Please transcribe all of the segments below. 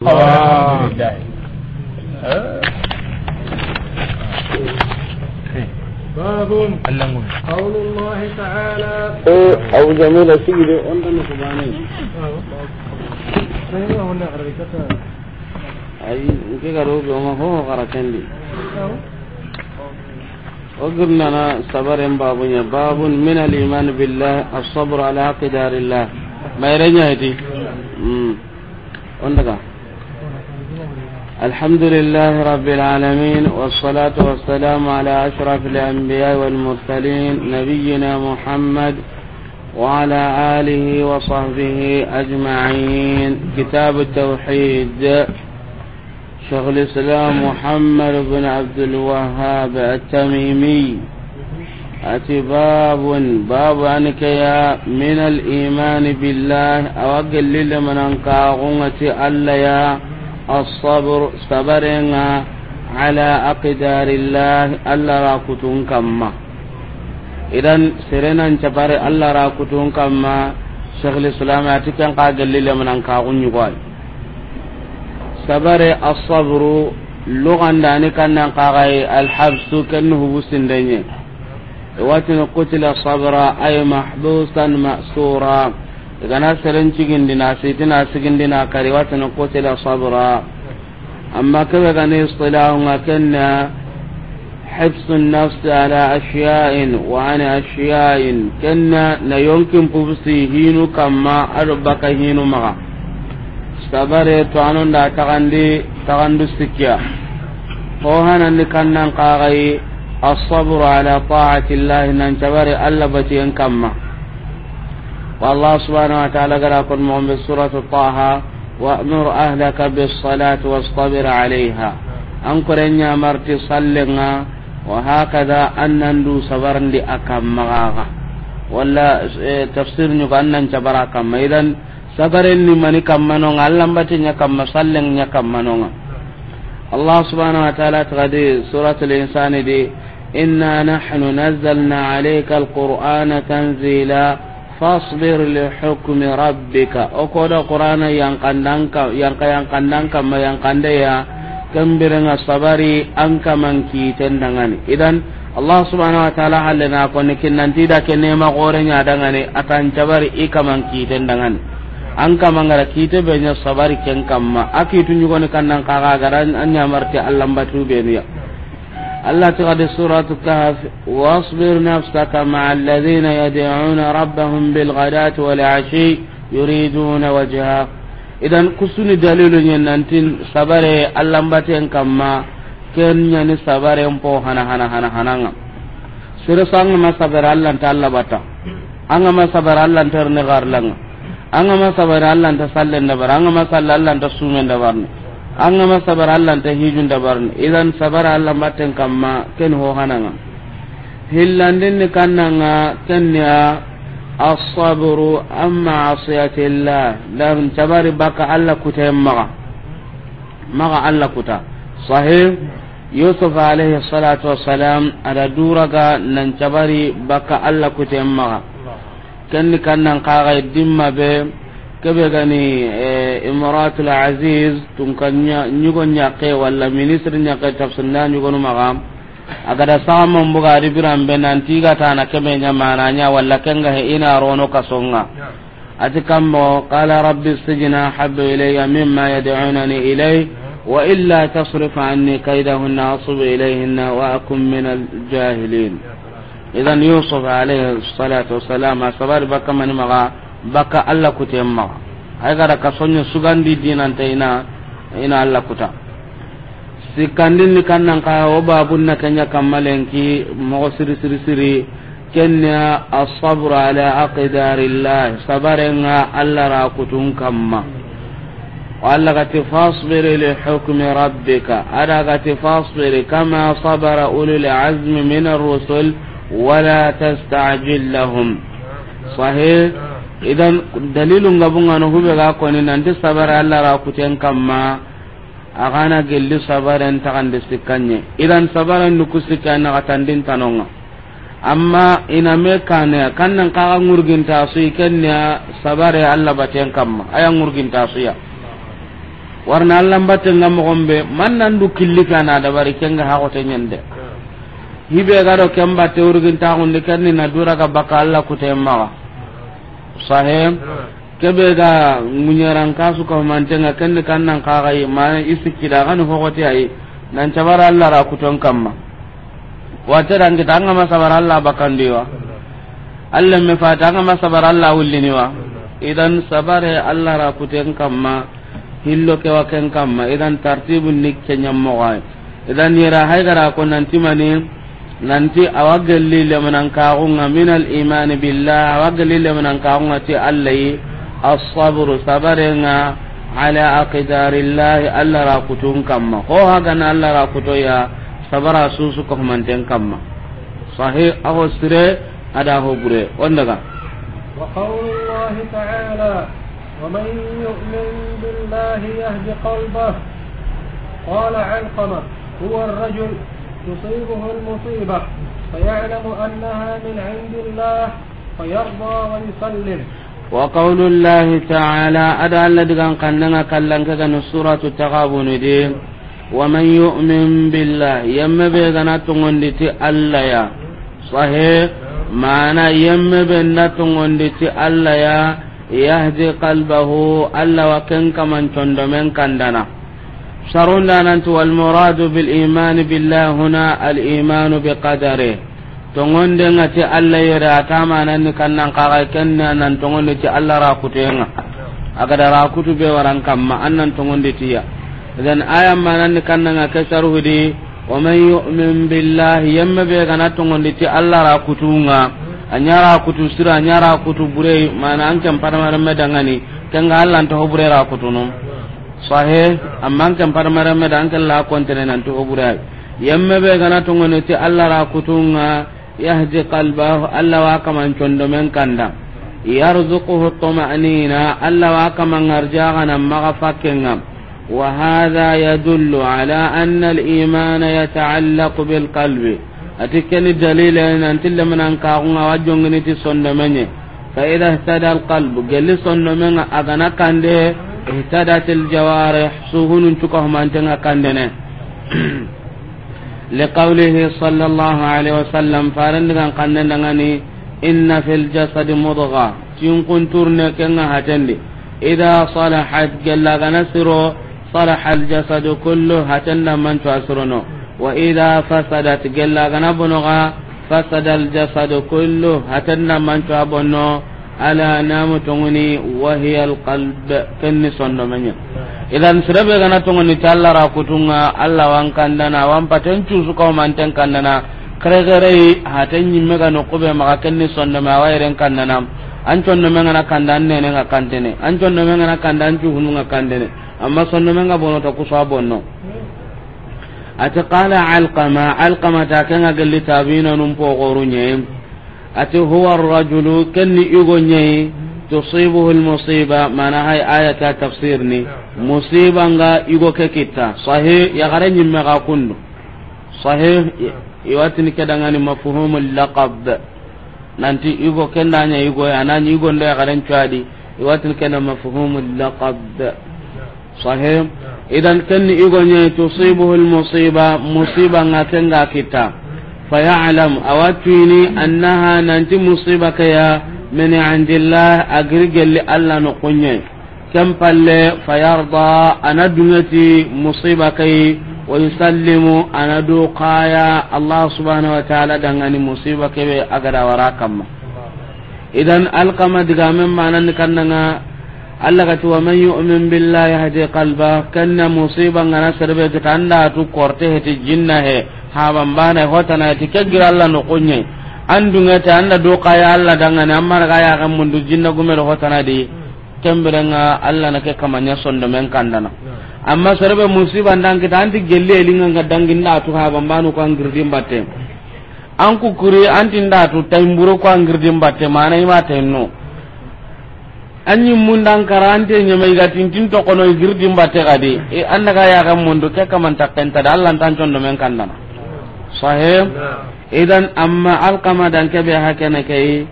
باب قول الله تعالى او جميل سيدي عند نصبانين ay nke garoɓe oma hoo xarakendi الحمد لله رب العالمين والصلاة والسلام على أشرف الأنبياء والمرسلين نبينا محمد وعلى آله وصحبه أجمعين كتاب التوحيد شيخ الإسلام محمد بن عبد الوهاب التميمي أتي باب باب أنك يا من الإيمان بالله أوقل لمن أنقاغنة ألا يا الصبر صبرنا على أقدار الله ألا راكتون كما إذن سرنا انتبار ألا راكتون كما شيخ الإسلام أتكن قاقل لي لمن أنكاغن يقال صبر الصبر لغة داني كان قاقاي الحبس كنه بسن واتن وقتل صبرا أي محبوسا مأسورا gana seren cikin dina siti na sigin dina kari wata na kote da sabura amma kaga gane istilahu ma kanna hibsun nafs ala ashiya'in wa ana ashiya'in kanna na yankin fufsi hinu kamma arbaka hinu maka sabare to anun da a takandi takandu sikiya. ko hanan ni kannan kagai as-sabru ala ta'ati llahi nan tabari allah bati yan kamma والله سبحانه وتعالى قال كن مؤمن بسورة طه وأمر أهلك بالصلاة واصطبر عليها أنكر إن أمرت صلنا وهكذا أن ندو صبرا لأكم مغاغا ولا إيه، تفسير نيو أن نجبر أكم إذن صبر إني مني كم منونا ألم بتي نكم صلنا نكم منونا الله سبحانه وتعالى تغدي سورة الإنسان دي إنا نحن نزلنا عليك القرآن تنزيلا fasbir li hukmi rabbika o ko da qur'ana yang kandanka yang yang kandanka ma yang kandaya kambirenga sabari anka man ki tendangani idan allah subhanahu wa ta'ala halena ko ne kinanti da ke ne ma gore nya dangani atan jabari ikaman ki tendangani anka mangara kite benya sabari ken kamma akitu nyugo ne kannan kaga garan anya marti allah batu be ya الله تغدي سورة الكهف واصبر نفسك مع الذين يدعون ربهم po hana hana hana hananga sere so anga ma sabara allah ta allah bata anga ma sabara allah ta ne garlanga anga ma sabara allah ta sallen da bar anga ma sallan allah ta sumen da barne an ma sabar allah ta hijun dabarni idan sabar allah maten kamma ken ho hananga hillandin ni kannanga kenniya asabru amma asiyati allah dan tabari baka allah kuta maga maga allah kuta sahih yusuf alayhi salatu wassalam ada duraga nan tabari baka allah kuta maga ni kannan kaga dimma be kebe gani eh, imratul aziz tun kan nyugo nyaqe wala ministre nyaqe tafsinda nyugo no magam agada saman buga ribiran be nan tiga ta na kebe nya wala ke kenga he ina rono kasonga ati kammo qala rabbi sijna habbu ilayya mimma yad'unani ilay wa illa tasrif anni kaydahunna asbu ilayhinna wa akun min al-jahilin idan yusuf alayhi salatu wassalam sabar bakamani maga baka allah kuten ma ay gara ka sonyo sugandi dinanta ina ina allah kuta sikandin ni kannan ka wo babun na kenya kammalenki mogo siri siri siri kenya asabru ala aqdarillah sabarenga allah ra kutun kamma walla gati fasbiri li hukmi rabbika ada gati fasbiri kama sabara ulul azmi min ar-rusul wala tasta'jil lahum sahih idan dalilun gabungano hube ga koni nanti sabara allah ra ten kamma agana gelli sabaren taxande sikkanye idan sabaren nuku tan din tanonga amma ina me kana kan nan ta su ikenya sabare allah ba ten kamma aya ta ya warna allah ba mbattenga moxon be man nan du killi da dabari kenga haxoteñende hibe ga do ta hunde kan ni na duraga baka allah kuten maxa sahem kebe da munyaran kasu ka mantenga kenne kannan kaga yi ma isikida kan hokoti ayi nan tabar Allah ra kuton kamma wata dan kita anga masabar Allah bakan diwa Allah me fata anga masabar Allah wullini wa idan sabare Allah ra kuton kamma hillo ke wa ken kamma idan tartibun nikkenya mo idan yira haidara ko nan timani nanti awa gelli lemanan kaxunga min aliman billah awa gelli lemanan kaxunga ti allayi asabru sabarenga ala aqdarillahi allah ra kutun kamma ho hagana allah ra kutoya sabara susu kohumanten kamma sahi aho sire ada ho bure on daga وقول تعالى ومن يؤمن بالله يهد قلبه قال huwa ar-rajul تصيبه المصيبة فيعلم أنها من عند الله فيرضى ويسلم وقول الله تعالى أدعى الذي قلنا قلنا كلن كذا سورة التغابن دي ومن يؤمن بالله يم بيغنا تغندتي الله صحيح معنى يم بيغنا تغندتي الله يهدي قلبه الله وكن من تندمين كندنا شرون لانت والمراد بالإيمان بالله هنا الإيمان بقدره تنغون تي الله يرا تاما نن ننكنا نقاقا كنا ننتنغون دي تي الله ألا راكتين أقد راكتو بوران كما أن ننتنغون دي تي إذن آية ما ننكنا كشره دي ومن يؤمن بالله يم بي غنا تنغون دي تي الله انيا راكوتو سرا انيا راكوتو بري ما نان كام an kan parama كان kanga Allah ta hobure rakutunu sahe amma kan parmara me dan kan la kontene nan to obura yemme be gana to ngone ti alla ra kutunga yahdi qalbahu alla wa kaman condo men kanda yarzuquhu tuma'nina alla wa kaman an nan maga fakkenga wa hadha yadullu ala anna al-iman yata'allaqu bil qalbi atikani dalila nan an ka kunga wajongni ti sondo menye fa idha ihtada al-qalbu gelli sondo men agana kande ihtadat aljawarih suhunun cukahumantenga kandene liqawlihi sal llahu alaihi wasallam farendigan kannendangani inna fi ljasadi mudga tinkunturne kenga hatendi ida salahat gellagana siro salaha aljasadu kullu hatenda mancu asirono wa ida fasadat gellagana bonoga fasada aljasadu kullu hatenda mancu abonno ala namu tongoni wahiya alqalb kenni sondo menya idan sirabe gana tongoni talla ra kutunga alla wan kandana wan paten cusu ko manten kandana kare kare hatan nyimme ga no kube maka kenni sondo ma wairen kandana an condo menga na kandan ne ne ga kandene an condo menga na kandan cu hunu ga kandene amma sondo menga bono ta kusa bonno ati qala alqama alqama ta kenga gelli tabina num po gorunye ati huwa ar-rajulu kanni igonye tusibuhu al-musiba mana hay ayata tafsir ni musiba igo ke kita sahih ya garenyi me ga kundu sahih iwatini kedangani mafhumul laqab nanti igo kendanya igo anani igo ndo ya garen chwadi iwatini kena mafhumul laqab sahih idan kanni igonye tusibuhu al-musiba musiba nga kenga kita fayyadamu awwaal tuuli anna hanati musiibaa kaiya minicanjallah agirrgali allanu kunyai shan fa fayyadamu ana duwwaatii musiibaa kaiyi wa limu ana duukaayaa allah suba ana wataala dhangalii musiibaa kaiyi agarraa kamma idan alkama dhigaa maanaan alla alakaa waamanyiru umri biyya allah yahuutii qalba kan na musiiban kana sirbaa jiraatan daaddu korteef jinnaa heeru. haban bana hotana ti kegir Allah no kunye ta anda do kaya alla dangana amma kaya kan mundu jinna gumero hotana di kemberenga Allah na ke kamanya sondo men kandana amma sarbe musiba ndang kita anti gelle linga ga danginda tu haban banu ko angirdim batte an ku kuri anti nda tu taimburo ko angirdim batte mana ima tenno anyi mundan karante mai gatin tin to kono girdi batte kadi e annaga ya ga mundu ke kamanta kenta da tan condo men kandana sahih idan amma alqama dan ke be hakana kai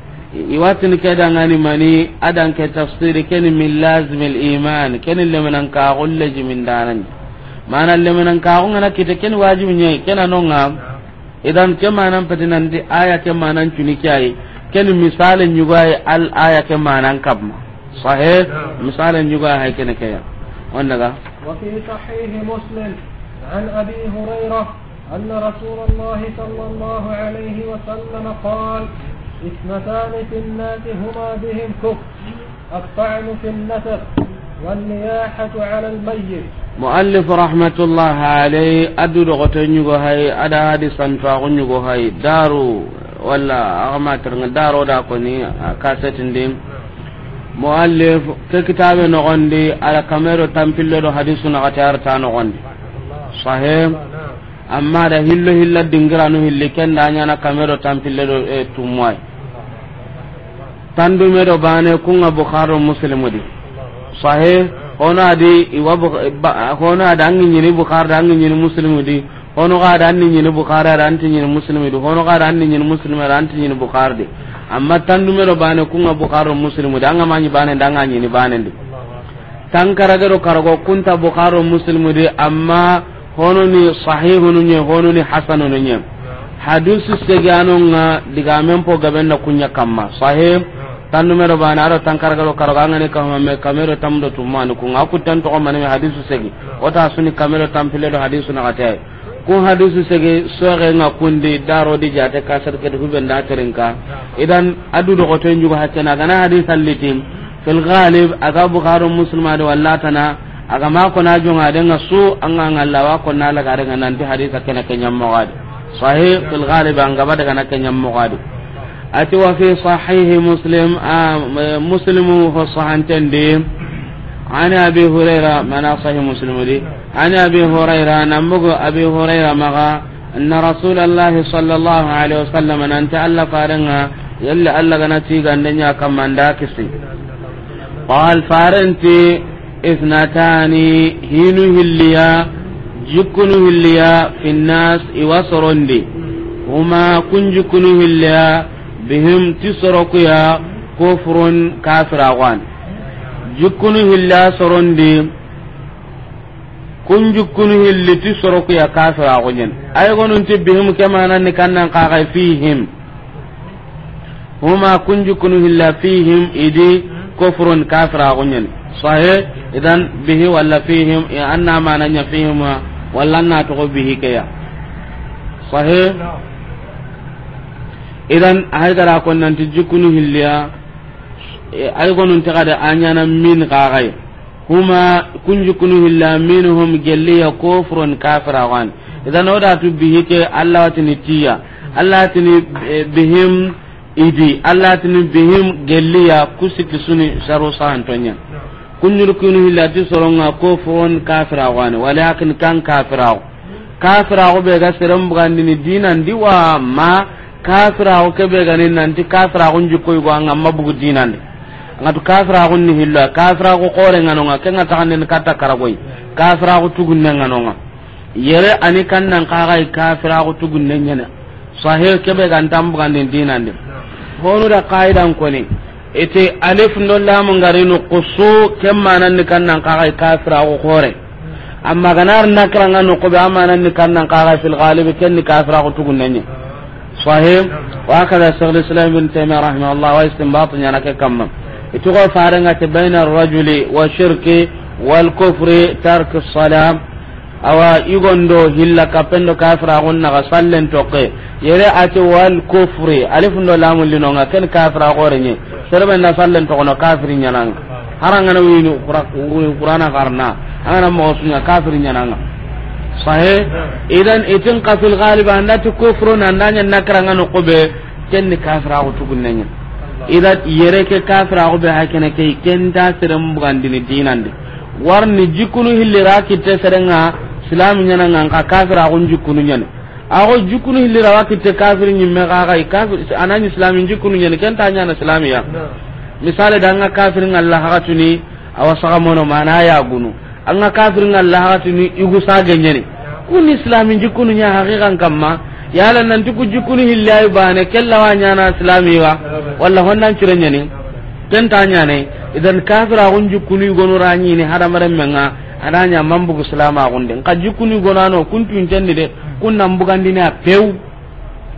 iwatin ke ani mani adan ke tafsiri keni min lazim al iman le menan ka golle jimin danan mana menan ka na kite ken wajibi nyai no ngam idan ke manan di aya ke manan tuni kai keni misalin yugai al aya ke manan kabma sahih misalin yugai kene kai wanda ga wa fi sahih muslim an abi hurairah أن رسول الله صلى الله عليه وسلم قال اثنتان في الناس هما بهم كفر الطعن في النسب والنياحة على الميت مؤلف رحمة الله عليه أدو لغتين هاي أدا هادي سنفاغن هاي دارو ولا أغما ترن دارو داكوني كاسيت دين مؤلف كتاب نغندي على كاميرو تنفيلو حديث نغتار غندي صحيح amma da hillo hilla hilli kamero tampille do e tumwai tandu medo bane muslimu di sahih ona di iwa ona da nyini da nyini muslimu di ono ga da nyini da nyini muslimu di ono ga da nyini muslimu da nyini di amma tandu medo bane muslimu di anga manyi bane da nyini bane di tankara kunta muslimu di amma hono ni sahihu nu ñe hono ni hasanu nu ñe hadisu segano nga diga men po gaben na kunya kamma sahih tandu mero bana aro tankargalo karoga ngani kamma me kamero tamdo tumani ku ngaku tan to man me hadisu segi ota suni kamero tampile do hadisu na gata ku hadisu segi soore nga kundi daro di jate ka sar ke du benda terinka idan adu do ko tenju ha tena gana hadisan litin fil ghalib aga bukhari muslima do wallatana aga ma ko na jonga denga su anga ngalla wa ko na laga denga nan ti hadisa kana kenyam sahih fil ghalib anga bada kana kenyam mawad ati wa fi sahih muslim muslimu ho ithnatani hinu hilliya jikkunu hilliya fi nnas iwa sorondi humaa kun jikkunu hilliya bihim ti sorokuya kufrun kafirawan jikkunu hilliya sorondi kun jikkunu hilli ti sorokuya kafirakuñen aygonunti bihim kemananni kannan kaxay fihim huma kun jikkunu hilla fihim idi kufrun kafirakuñen sahe idan bihi wala fihim anna mananya fihim wala na to bihi kaya sahih idan haydara kon nan tijukunu hilya ay gonun ta kada anyana min qaray kuma kun jukunu hilya minhum gelliya kufrun kafira wan idan oda tu bihi ke allah tini tiya allah tini eh, bihim idi allah tini bihim gelliya kusiki suni sharu antonya no. kunyul kinu hillati soronga ko fon kafira wani walakin kan kafira kafira ko be ga serem bugandi ni dinan wa ma kafira ko ke be ga ni nanti kafira ko jikko go anga mabugu dinan ngatu kafira ko ni hilla kafira ko kore ngano nga kenga tahanen kata karagoi kafira ko tugunne ngano nga yere ani kan nan kaga kafira ko tugunne nyana sahe ke be ga ntambu kan dinan ni honu da qaidan ko ni ite alif ndo lamu ngari nu kusu kemma nan ni kannan kaga kafira ko kore amma ganar na kranga ko be amanan ni kannan kaga fil ghalib kenni kafira ko tugun nanye sahib wa kada shaykhul islam ibn taymiyyah rahimahullah wa istinbat nya nake kamma itu ko faranga te baina rajuli wa shirki wal kufri tark salam awa igondo hilla kapendo kafra gon na sallen toke yere ate wal kufri alif ndo lamu lino nga ken kafra gore ni serbe na sallen to kono kafri nyananga haranga na winu qur'ana karna ana mo sunya kafri nyananga sahe idan itin qasul ghaliba andati kufrun andanya nakranga no qobe ken ni kafra go tugunnenya idan yere ke kafra go be hakene ke ken ta serem bugandini dinande warni jikunu hillira kitte serenga islam nyana ngang ka kafir a gon kunu nyane a go jukunu hilira wakite kafir nyimme ka ga kafir anan nyi kunu nyane ken tanya na islam ya misale da nga kafir ngal ngalla ha tuni awasaka mono mana ya gunu anga kafir ngal la ha tuni igu sa sage nyani kun islam nyi kunu nya haqiqan kamma lan nan tuku jukunu hillahi bane kella wa nyana islam wa walla honnan cire nyane ken tanya ne idan kafira gun jukuni gonu rani ne hada maran menga adanya mambu islama gun den ka jukuni gonano tun jandi de kunnan bugandi na pew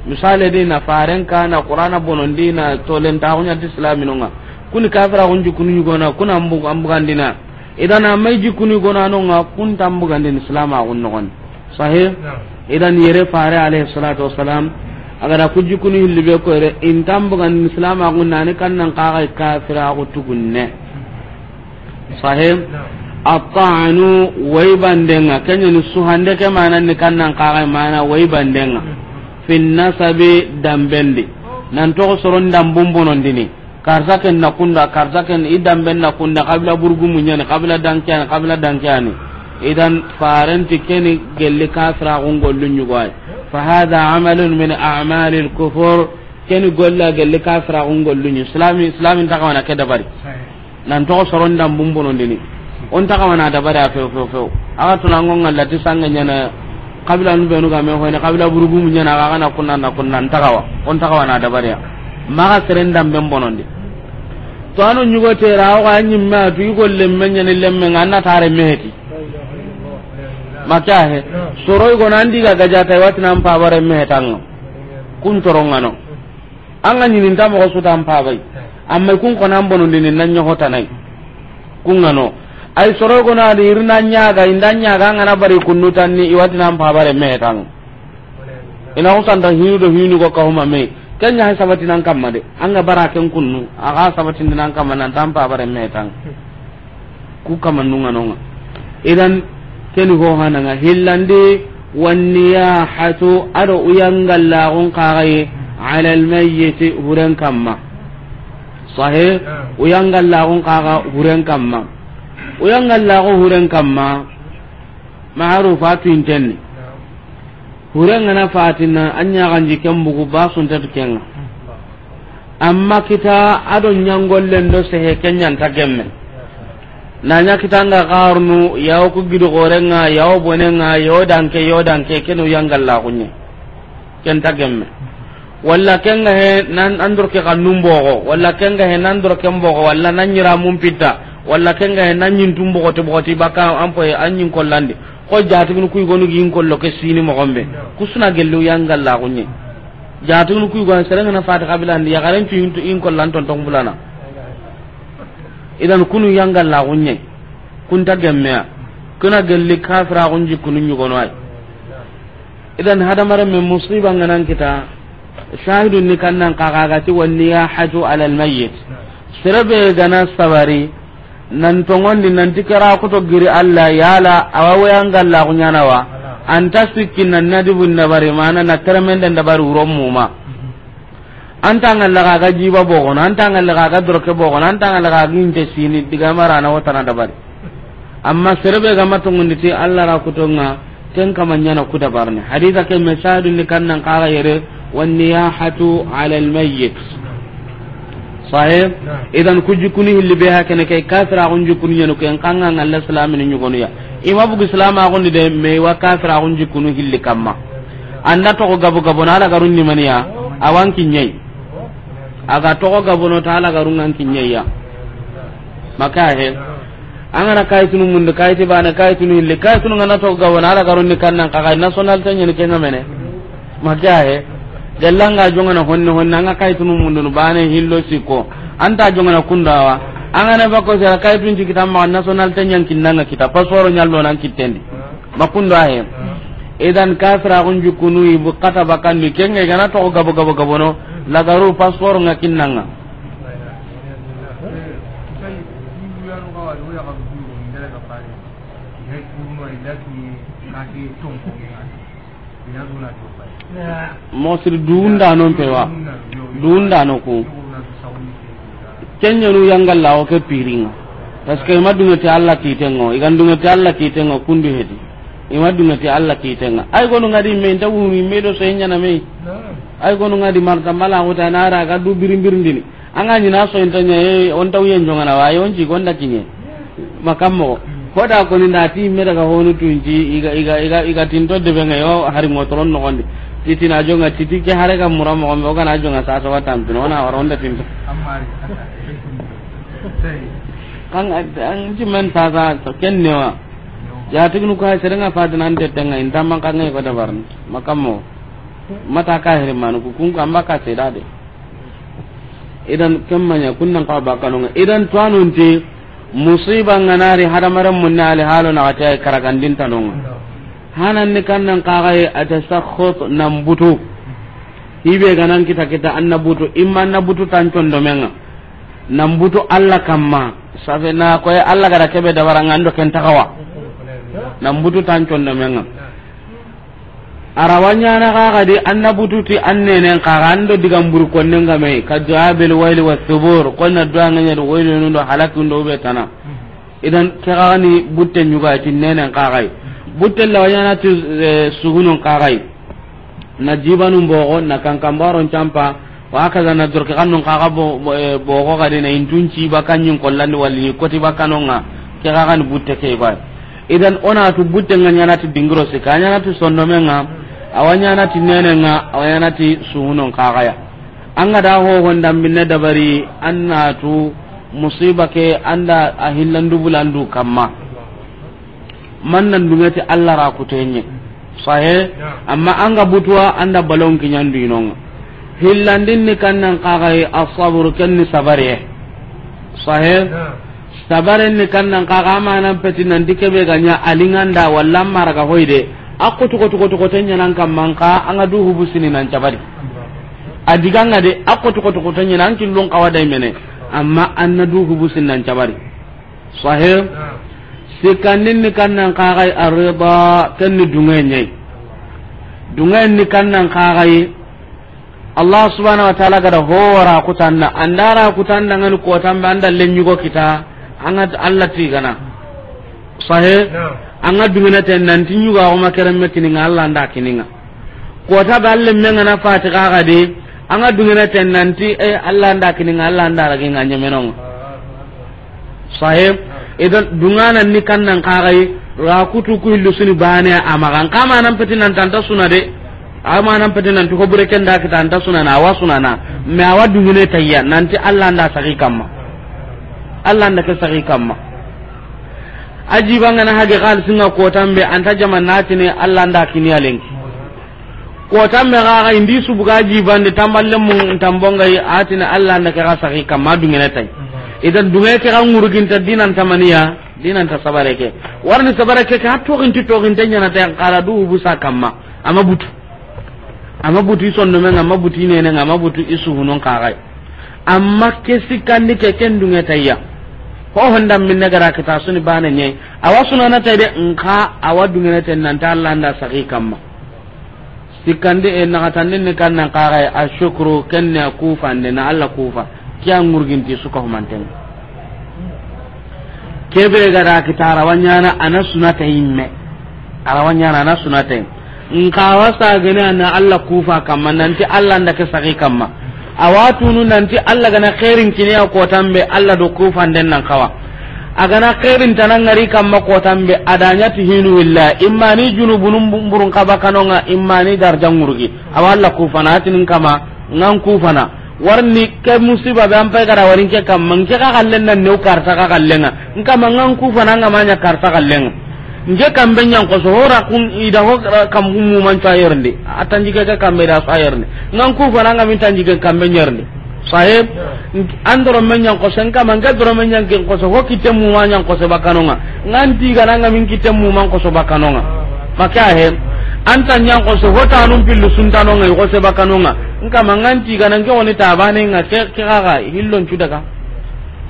misale de na faren ka na qur'ana bonondi na tolen ta hunya islami nga kun kafira gun jukuni gona kuna ambu bugan na idan amai jukuni gonano nga kun tambugandi islama gun non sahih idan yere fare alayhi salatu wassalam agada kujikunu hillibe koyre intambugan islamagu nani kannan kaxa kafiraxu tugunne sahim attanu waybandenga kenyani suhande ke mananni kannan kaxa mana waybandenga mm. nasabi dambendi nantoxo soron dambumbonondini karsa ken na kunda karsa ken i damben na kunda kabila burgumuñani kabila dankeani kabila dankeani idan farenti keni gelli kafiraxungollu ñugoay فهذا عمل من أعمال الكفر كان يقول لك اللي كافر قول إسلامي إسلامي تقوانا كدبري نانتو سرون دم بمبنون ديني on ta kawana da bada fe fe fe aga tuna ngon Allah ti sanga nyana kabila nu be nu ga me ho ne kabila burugu mu nyana aga na kunna na kunna ta kawa on ta kawana da bada maga seren dam ben bonondi to anu nyugo te rawo ga nyimma tu yugo maka he soroy go nan diga gaja tay e wat nan pa bare me tang kun torongano an ga nyinin tamo ko sudan pa bai amma kun ko nan bonon din nan nyo hota kun ngano ay soroy go nan irna nya ga indanya ga ngana bari kunnu tanni iwat nan pa bare me tang ina usan da hinu do hinu go ka huma me kanya ha sabati nan kamma de an ga bara ken kunnu aga sabati nan kamma nan tan pa bare me tang ku kamannu ngano idan keni ho hananga hillandi wanniyahatu ado uyangallagun kagaye ala almayyiti huren kamma sahe uyangallagun kaga huren kamma uyangallagu huren kamma maarufa tuintenni hurengana fatina an ñaganji ken bugu basuntetu kenga mm. amma kita ado ñangollen do sehe ken ñanta gemme nanya nga garnu yawo ku gidu gorenga yawo bonenga yawo danke yawo danke kenu yangalla kunye ken tagemme walla kenga he nan andur ke kannum bogo walla kenga he nan dur ke bogo walla nan nyira mum pitta walla kenga he nan nyin tum bogo to bogo tibaka ampo e anyin kollandi ko jatu kun kuy gonu gin kollo ke sini mo gombe kusuna gelu yangalla kunye jatu kun kuy gon serenga na fata kabila ndi ya garen tu in kollan ton ton bulana idan kunu yangalla gunye kunta gemmea kuna gelli kafira gunji kunu nyugono ay idan hadamare men musiba nganan kita shahidun ni kannan kakagati wanniya haju alal mayyit serebe gana sabari nan tongondi nanti kara koto giri awa alla yala awawe angalla gunyanawa anta sikkin nan nadibun dabari maana na keremenden dabari uromuma anta ngalla ga ga jiba bogono anta ngalla ga ga droke bogono anta laga ga ginte sini diga mara na wata na dabari amma serbe ga matungundi ti alla ra kutonga ken kamanya na kuda barne haditha ke mesadu ni kan nan qara yere wan niyahatu ala al mayyit sahib idan kujukuni hilli be hakene kay kafira kunjukuni yanu ken kanga ngalla salamin gonu ya ima islam salama gondi de me wa kafira kunjukuni hilli kamma anna to gabu gabu na ala garun ni maniya awan kinyai aga togo gabono ta ala garungan kinyeya maka he angana mun mundu kayti bana kaytunu hilli kaytunu ngana togo gabono ala garunni kannan kaka national tanya ni kenna mene maka he gallanga jongana honne honne anga kaytunu mundu no bana hillo siko anta jongana kundawa angana bako sera kaytun kita ma national tanya kinnanga kita pasoro nyallo nan kitendi makundo ahe hmm. idan kafra kun jukunu ibu kata bakan ni kenga gana togo gabo gabo gabono lagaru passeport nga kinnanga mosiri pewa ku kenyanu ke piringa parce que ima dungeti allah kitengo allah kitengo kundu hedi kitenga ay gonu ngadi me nta wuni me ay gonu ngadi marta mala ngota nara ga du birim birim dini anga ni eh, na so intanya e on taw yen na wa yon ji gonda kinye makam mo ko ni nati me daga honu tunji iga iga iga iga to de benga yo hari ngotron no gondi titi na jonga titi ke hare ga muram mo ga na jonga sa so watam tin ona waronda tinto kan an men ta za to wa. ya tignu ka serenga fadina de tenga intamma kan ne ko makam mo mata ka hiri manuku kun kan baka seda de idan kun nan ka baka nonga idan tuanun ti musiba nganari hadamaran munna ali halo na ta din tanonga hanan ni nan ka ga atasakhut butu. hibe ganan kita kita annabutu imma nabutu tancon domenga butu alla kamma safe na ko alla gara kebe dabaranga ndo kentakawa nambutu tancon domenga arawanya arawanyana kakadi anna bututi annenen kaka ando digamburu konnen game ka du'a bil wayli wasubur konna du'a nganyar wayli nundo halakundo ube tana mm-hmm. idan ni butte nyuga nene nenen kakai butte lawanyana tu e, sugunun kakai na jibanun bogo na kankambaron campa wa hakaza na dorke kannun kaka e, bogo kadi na intunci bakanyin kollandi walli koti bakanonga ni butte keba idan ona tu butte nganyana tu dingiro sika nyana tu sondomenga awanyanati nenenga awanyanati suhunon kagaya anga da ho wanda minne dabari tu musiba ke anda ahillan dubulandu kamma mannan dungati allah ra kutenye sahe amma anga butwa anda balon kinyandu inonga hillandin ni kannan kagai asabur kenni sabare sahe sabare ni kannan kaga nan petin nan dikebe ganya alinganda wallan maraga hoide akutu kotu kotu kotu nyana kan manka anga du hubu sini nan cabari adiga nga de akutu kotu kotu nyana an kin long kawada imene amma anna du hubu sini nan cabari sahih sikannin ni kan kannan kagai arida kan ni dungenye dungen ni kan kannan kagai Allah subhanahu wa ta'ala gada hora kutanna andara kutanna ngani ko tambe anda lenyugo kita anga Allah tigana sahih anga dungana ten nan tinyu ga o makaram me nga Allah nda kininga ko ta balle me ngana faati ga de anga dungana ten nan ti e eh, alla nda kininga Allah nda ragi nga nyemenong sahib idan dungana ni kannan ra kutu ku hillu suni bane amagan kama nan peti nan tanta suna de ama nan peti nan to hobure ken da ka tanta suna na wa suna na me awa dungune tayya nan ti Allah nda sagi kamma Allah nda ke sagi kamma aji na hage xaalisinga kotanɓe anta ne allah nda ko lenki ga ga indi subuga bande tamballe mu tambongayi atine allah nda kexa saxi kamma dungene tay idan dunge ke xa ŋuruginta dinantamaniya ta sabareke warni sabareke ke ha toxinti na ta kala du ubusa kamma ama butu ama butu i sondomenga ama butu ne ne ama butu hunon ka ga amma ke sikkandi ke ken dunge tayya ko honda minne gara kita suni bana nye awa suna ta de nka awa dungene ten nan ta landa sagi saki kamma sikande e na tanin ne kan nan kaga ne a kufa ne na Allah kufa kiya ngurginti suka humanten kebe gara kita rawanyana ana sunata himme arawanyana ana sunata nka wasa gane na Allah kufa kamma nan ti Allah nda ke saki kamma awatunu nanti allah gana khairin kiniya kotanɓe allah do kufanden nan kawa agana khairin tanan ngari kamma kotanɓe adanyati hinu illa immani junubunum burun kaba kanonga immani darjangurgi awa allah kufana hatinin kama ngan kufana warni ke musiba be an pay gara warin ke kam mangke ka kallen nan new karta ka kallenga nkama ngan kufana ngama nya karta kallenga nje kambe nyan ko so hora kun ida ho kambu mu man tayernde atanji ga kambe da sayerne ngan ku fana ngam tanji ga kambe nyerne sahib andoro men nyan ko sen kama ngal doro men nyan ko so ho kitem mu man nyan ko so bakanonga ngan ti ga nanga min kitem mu man ko so bakanonga maka he anta nyan ko so hota num pillu suntanonga ko so bakanonga nka mangan ti ga nange woni tabane nga ke kaga hillon cudaga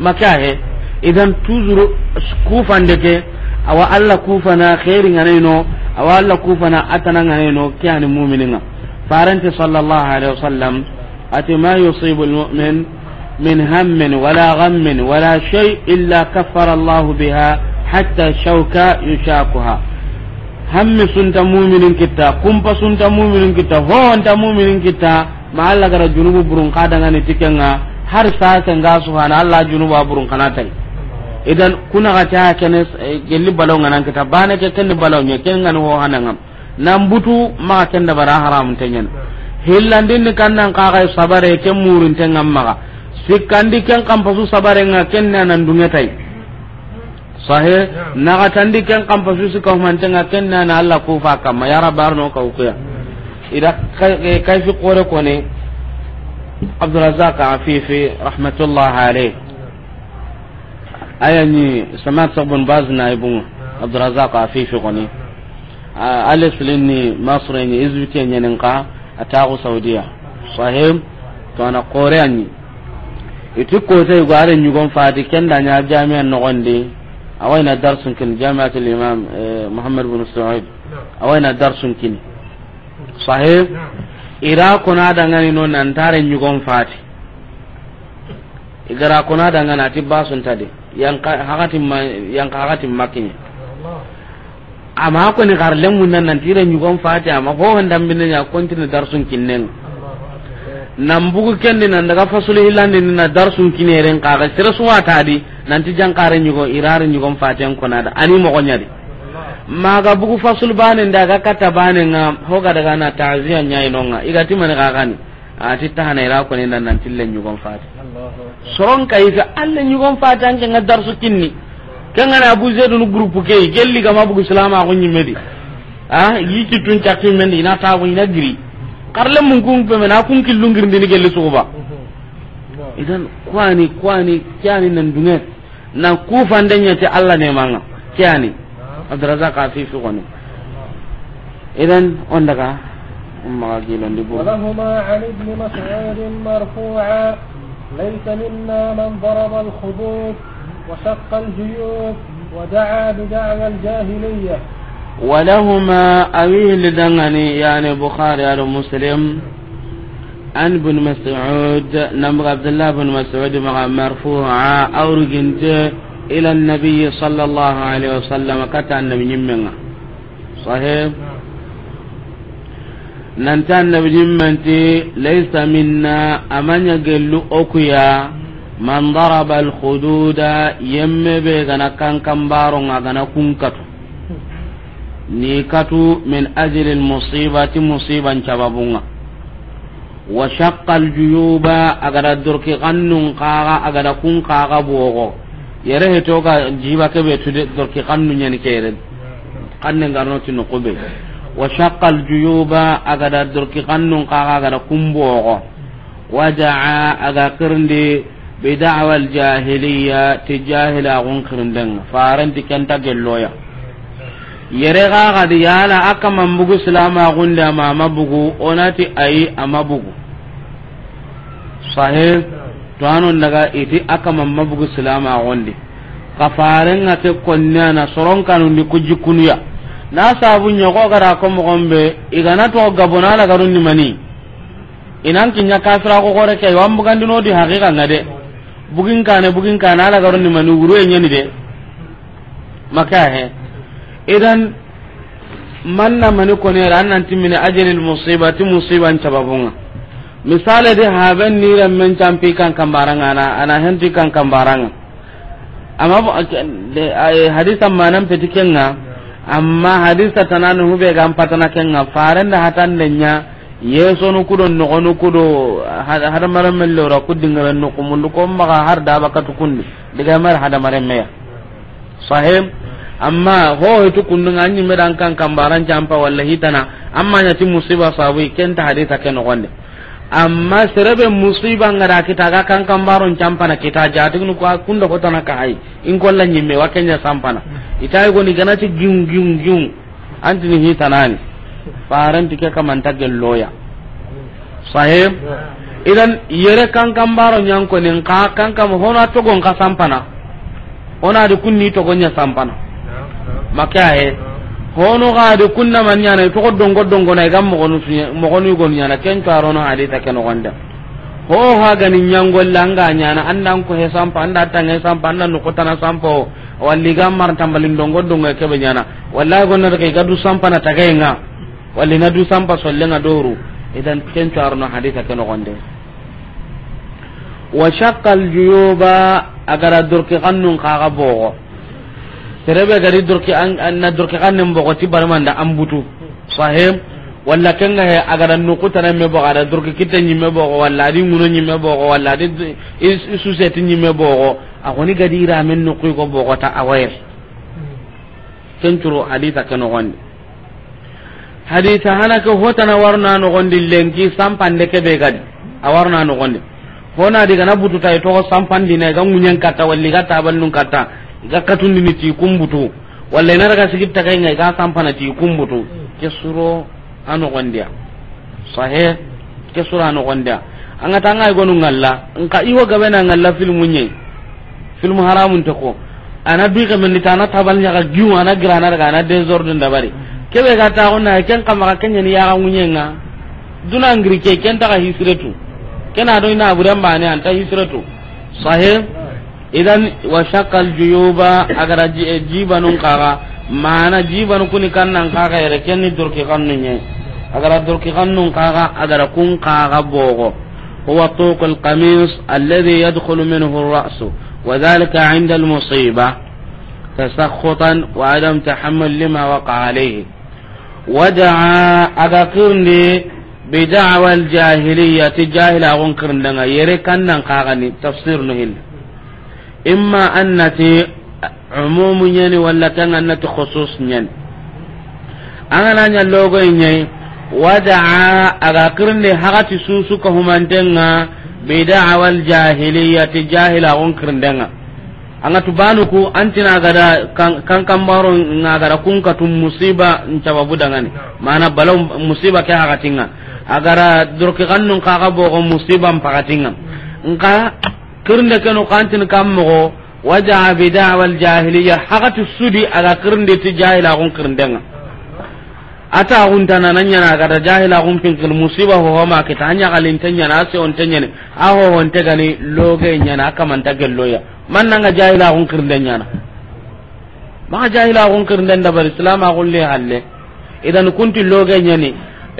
maka he idan tuzuru kufande ke awa allah kufana khairi nganaino awa allah kufana atana nganaino kiyani muminina faranti sallallahu alaihi wasallam ati ma yusibu almu'min min hammin wala ghammin wala shay illa kaffara Allahu biha hatta shawka yushakuha hammi sunta mu'minin kita kumpa sunta mu'minin kita ho anta mu'minin kita ma alla gara junubu burun kadanga ni tikenga har sa ta nga subhana Allah junubu burun kanatai idan kuna ga ta kene eh, gelli balon nan kita bana ke ken balon nye ken ngana ho hananga nan butu ma ken da bara haram tanyen hillandin ni kannan ka ga e sabare ke murun tengam maga sikandi ken kan pasu sabare nga ken nan dunya tai sahe na ga tandi ken kan pasu su ka man tenga ken nan Allah ku fa kam ya rabar no ka ukuya ida kai fi qore kone Abdurrazzaq Afifi rahmatullah alayhi ayani samat sabun baz na ibun abdurazaq afifi koni ala alif masr ni izbiti nyanin ka ataku saudiya sahim kana qoreani itu ko sai gware nyugon fati kenda nya jami'a nogondi awayna darsun kin jami'atul imam eh, muhammad bin sa'id awayna darsun kin sahib ira kuna dangani non antare nyugon fati igara kona danga na ti basun tadi yang hakati yang hakati makinya amma ko ni garlen mun nan nan tire nyugon fati amma ko handam binne ya kontinu darsun kinnen nan bugu kendi nan daga fasulu ni na darsun kineren ga sira suwa tadi nan ti jankare nyugo irare nyugon fati en kuna da ani mo ma maga bugu fasul banen daga kata banen ho ga daga na ta'ziya nyainonga igati man gani. ati tahana ira ko nan nan tille nyugon faati soron kai ga alle nyugon faati an ga su kinni kan ana zedu no group ke gelli ga mabugo islama ko medi a yi kitun chakki men ina ta ko ina giri karle mun kun be men akun killun girin dini gelli ba mm-hmm. idan kwani kwani kyani nan dunga na ku fandanya ta Allah ne manga kyani abdurazak ah. afifi ko ne idan on daga ولهما عن ابن مسعود مرفوعا ليس منا من ضرب الخدود وشق الجيوب ودعا بدعوى الجاهلية ولهما أويل لدنني يعني بخاري على مسلم عن ابن مسعود نمر عبد الله بن مسعود مرفوعا أو رجنت إلى النبي صلى الله عليه وسلم قتل النبي منه صحيح نعم. nanta annabi nyimmanti laysa minna amanya gellu okuya man daraba alhududa yemme be gana kan nga gana kunkatu ni katu min ajli almusibati musiban cababunga wa shaqqa aljuyuba agada durki kannun kaga agada kun kaga bogo yere hetoga jiba be tude durki kannu nyani kere kanne garno tinu kube wa shaqqa aljuyuba aga da durki kannun kaga aga da kumbogo wa ja'a aga kirndi bi da'wa aljahiliya ti jahila gun kirnden faran ti kenta gelloya yere gaga di yala aka mambugu islama gunda ma mabugu onati ayi amabugu sahih to anon daga iti aka mamabugu islama gondi kafaren ate konnana soron kanundi kujikunuya na sabu nyogo gara ko mo gombe igana to gabona la garun ni mani inan kinya kasra ko gore kay wam bugan dino di haqiqa ngade bugin kana bugin kana ala garun ni mani guru en yani de maka he idan manna mani ko ne ran nan timine ajalil musibati musiban tababunga misale de haben ni ran men champi kan kambaranga ana ana hendi kan kambaranga amma hadisa manan na amma hadisa tanani hube gan patana kenga farenda hatande nya yeso nu kudo no onu kudo hada maram mello ra kudinga no kumundu ko maga har da baka tukunni diga mar hada maram meya sahib amma ho hitu kundu nganyi medan kan kambaran jampa wallahi tana amma nyati musiba sabu kenta hadisa ken gonde amma serebe musiba ngara kita ga kan kan baron campana kita jati nu ko kunda ko tanaka ai in ko lanyi me wa kenya sampana itai go ni gana ti gung gung gyung anti ni hitanani faran ti ka man tagel loya sahib idan yere kan kan baron nyan ko nin ka kan kan hona to gon ka sampana ona di kunni to gonya sampana makaye hono de kunna man nyana to goddo goddo gona e mo gonu mo gonu gon nyana ken taro no hade ta ken gonda ho ha gani nyangol langa nyana andan ko he sampa anda tanga hesam pa andan ko tana sampo walli ga mar tambalin don ngai ke be nyana wallahi gonna de kai gadu sampa na nga walli na du sampa na doru idan ken taro no hade ta ken gonda wa shaqqa juyuba agara durki qannun kaga bogo terebe gari durki an na durki kan nan bogoti barmanda ambutu sahem walla kenga he agara nukuta na me bogara durki kitta me bogo walla adi nguno me bogo walla adi suseti me bogo agoni gadi ira men nukui ko bogota awaye kencuro hadita keno gondi hadita hanake hotana warna nogondi lenki sampande kebe gadi a warna nogondi hona diga na bututa e togo sampandina ga munyen kata walli ga tabal nun kata. gakkatun ni ti kumbutu walla ina daga sigi ta kai ga sampana ti kumbutu ke suro ano gondia sahe ke suro ano gondia anga tanga gonu ngalla nka iwa gabe na ngalla filmu nye filmu haramun ta ko ana bi ga men ta na tabal nya ga giwa na grana daga na desordre ke be ga ta ona ken kama ka kenya ni ya ga nga duna ngri ke ken ta ga hisretu kena do ina buran ba an ta hisretu sahe idan wa shakkal juyuba agara eh, jibanun kaga mana jibanu kuni kannan kaga yare kenni durki kannun ye agara durki kannun kaga agara kun kaga bogo huwa tuq alqamis alladhi yadkhulu minhu ar-ra's wa dhalika 'inda al-musiba tasakhutan wa adam tahammul lima waqa alayhi wada'a aga kirni bid'awa al-jahiliyyati jahila gon kirndanga yare kannan kaga ni tafsir nuhil imma annati umumu nyani walla kan annati khusus nyani angana nya logo nyai wada'a aga kirni hagati susu ka humantenga bida'awal jahiliyati jahila on kirndenga anga tubanu ku antina gada kan kan baro ngagara kun katum musiba ncababu dangani mana balaw musiba ke hagatinga agara durki kannun kaga bogo musiba mpagatinga nka kirnde kenu kantin kammogo wajaha bidawa aljahiliya hakati sudi aga kirnde ti jahila kun kirndenga ata guntana nan yana gada jahila kun pinkil musiba ho homa kita anya galin tanya na ase on tanya ne aho on te gani loge nyana aka manta gelloya man nanga jahila kun kirndenya na ma jahila kun kirnden da bar islam a gulle halle idan kunti loge nyani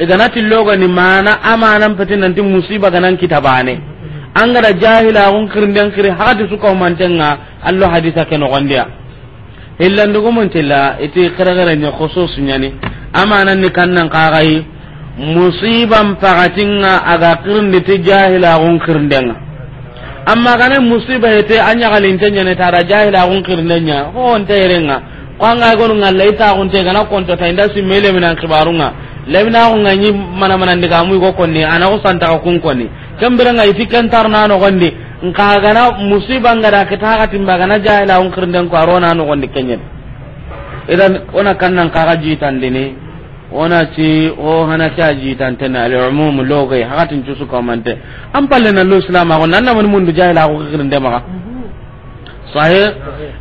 idan ati loge ni mana amanan patin nan musiba ganan kitabane angara jahila gun kirnden kiri hadi suka tanga allo hadisa ke no gondia hillandu mun tilla iti kiragare ne khusus nyani amana ni kannan kagai musiban pagatinga aga kirin ti jahila kirin kirndenga amma kana musiba ite anya tanya ne tara jahila gun nya ho onte renga kwanga gonu ngalla ita te kana konto ta inda mele minan kibarunga lemina gunga ngani mana mana ndiga mu go konni ana usanta ko kun konni kambira ngai fikan tarna no gonde nka gana musiba ngada kita ga timba gana ila on kirnden ko arona no gonde kenyen idan ona kannan ka gaji tan dini ona ci o hana ta ji tan tan al umum logai hakatin cusu ko mante am palle na lo islam ko nan mun mun ila ko kirin ma maka sahe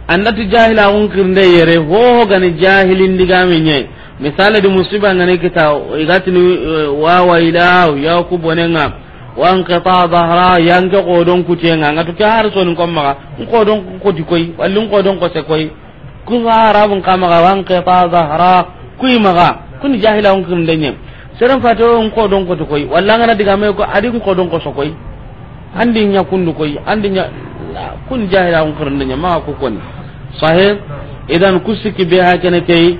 annati jahila ko kirin de yere ho gani jahilin diga menye misale di musiba ngane kita igati eh, wa wa ila ya ku bonenga wanqita dahra yanke kodon nga ngatu ke har soni kommaga nkodon koti koy walli nkodon kose koy kusa ka kamaga wanqita dahra kuy maka kuni jahila on kum denye seren fato nkodon koti koi walla ngana diga me ko adi nkodon koso koy andi nya kundu koi andi nya kun jahila on kum denye ma ku koni sahib idan kusiki be hakene kay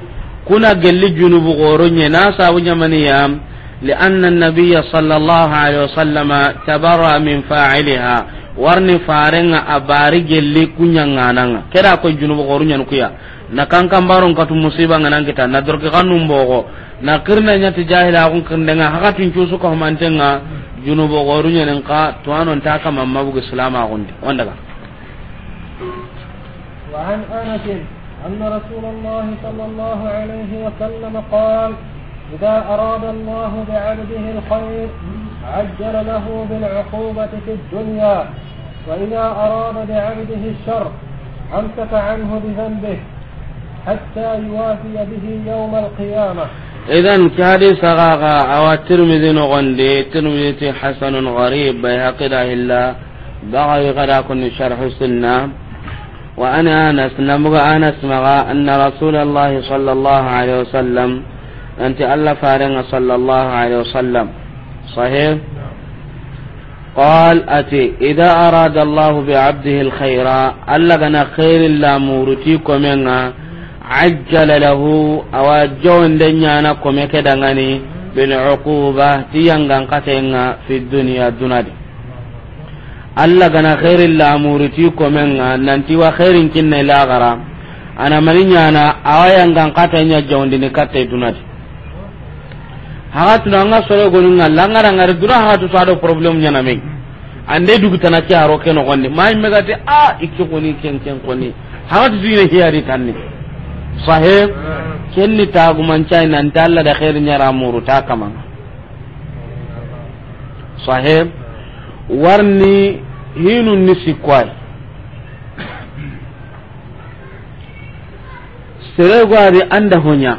kuna gelli junubu goro nye na sabu maniyam لأن النبي صلى الله عليه وسلم تبرأ من فاعلها warni farenga abari gelli kunyangananga kera ko junubo gorunyan kuya na kankan baron katu musiba nganan kita na dorke kanum bogo na kirna nya ti jahila kun kirndenga hakatun cusu ko mantenga junubo gorunyan ka to anon ta kama mabugo islama gonde wanda ga wa an anas anna rasulullah sallallahu alaihi wa sallam qala إذا أراد الله بعبده الخير عجل له بالعقوبة في الدنيا وإذا أراد بعبده الشر أمسك عنه بذنبه حتى يوافي به يوم القيامة إذا كهدي سغاغا أو الترمذي نغندي الترمذي حسن غريب بيهقي لا إلا بغي غدا كن شرح السنة وأنا أنس نبغى أنس مغا أن رسول الله صلى الله عليه وسلم santi allah fa rinka alaihi wa sallam sahin ati idan arada laahu bai abdahi kheyra allaga na kari lamuru ti komanga caj ga lahau a na koma ka danganin bani haƙuga ti ya ngana katin fi duniya dunadi allaga na kari lamuru ti komanga nanti wa karen cinye lakaran ana mari nyane a wayan ngana katin dunadi. hagatuno anga soro gonu ngalla angara ngara dura hagatu sado problem nyana me ande dugu tana ke haro ke nogondi mai megati a ikke koni ken ken koni hagatu dine hiyari tanni sahe kenni taguman cai nan dalla da khair nyara muru ta kama sahe warni hinu nisi kwai sere gwari anda honya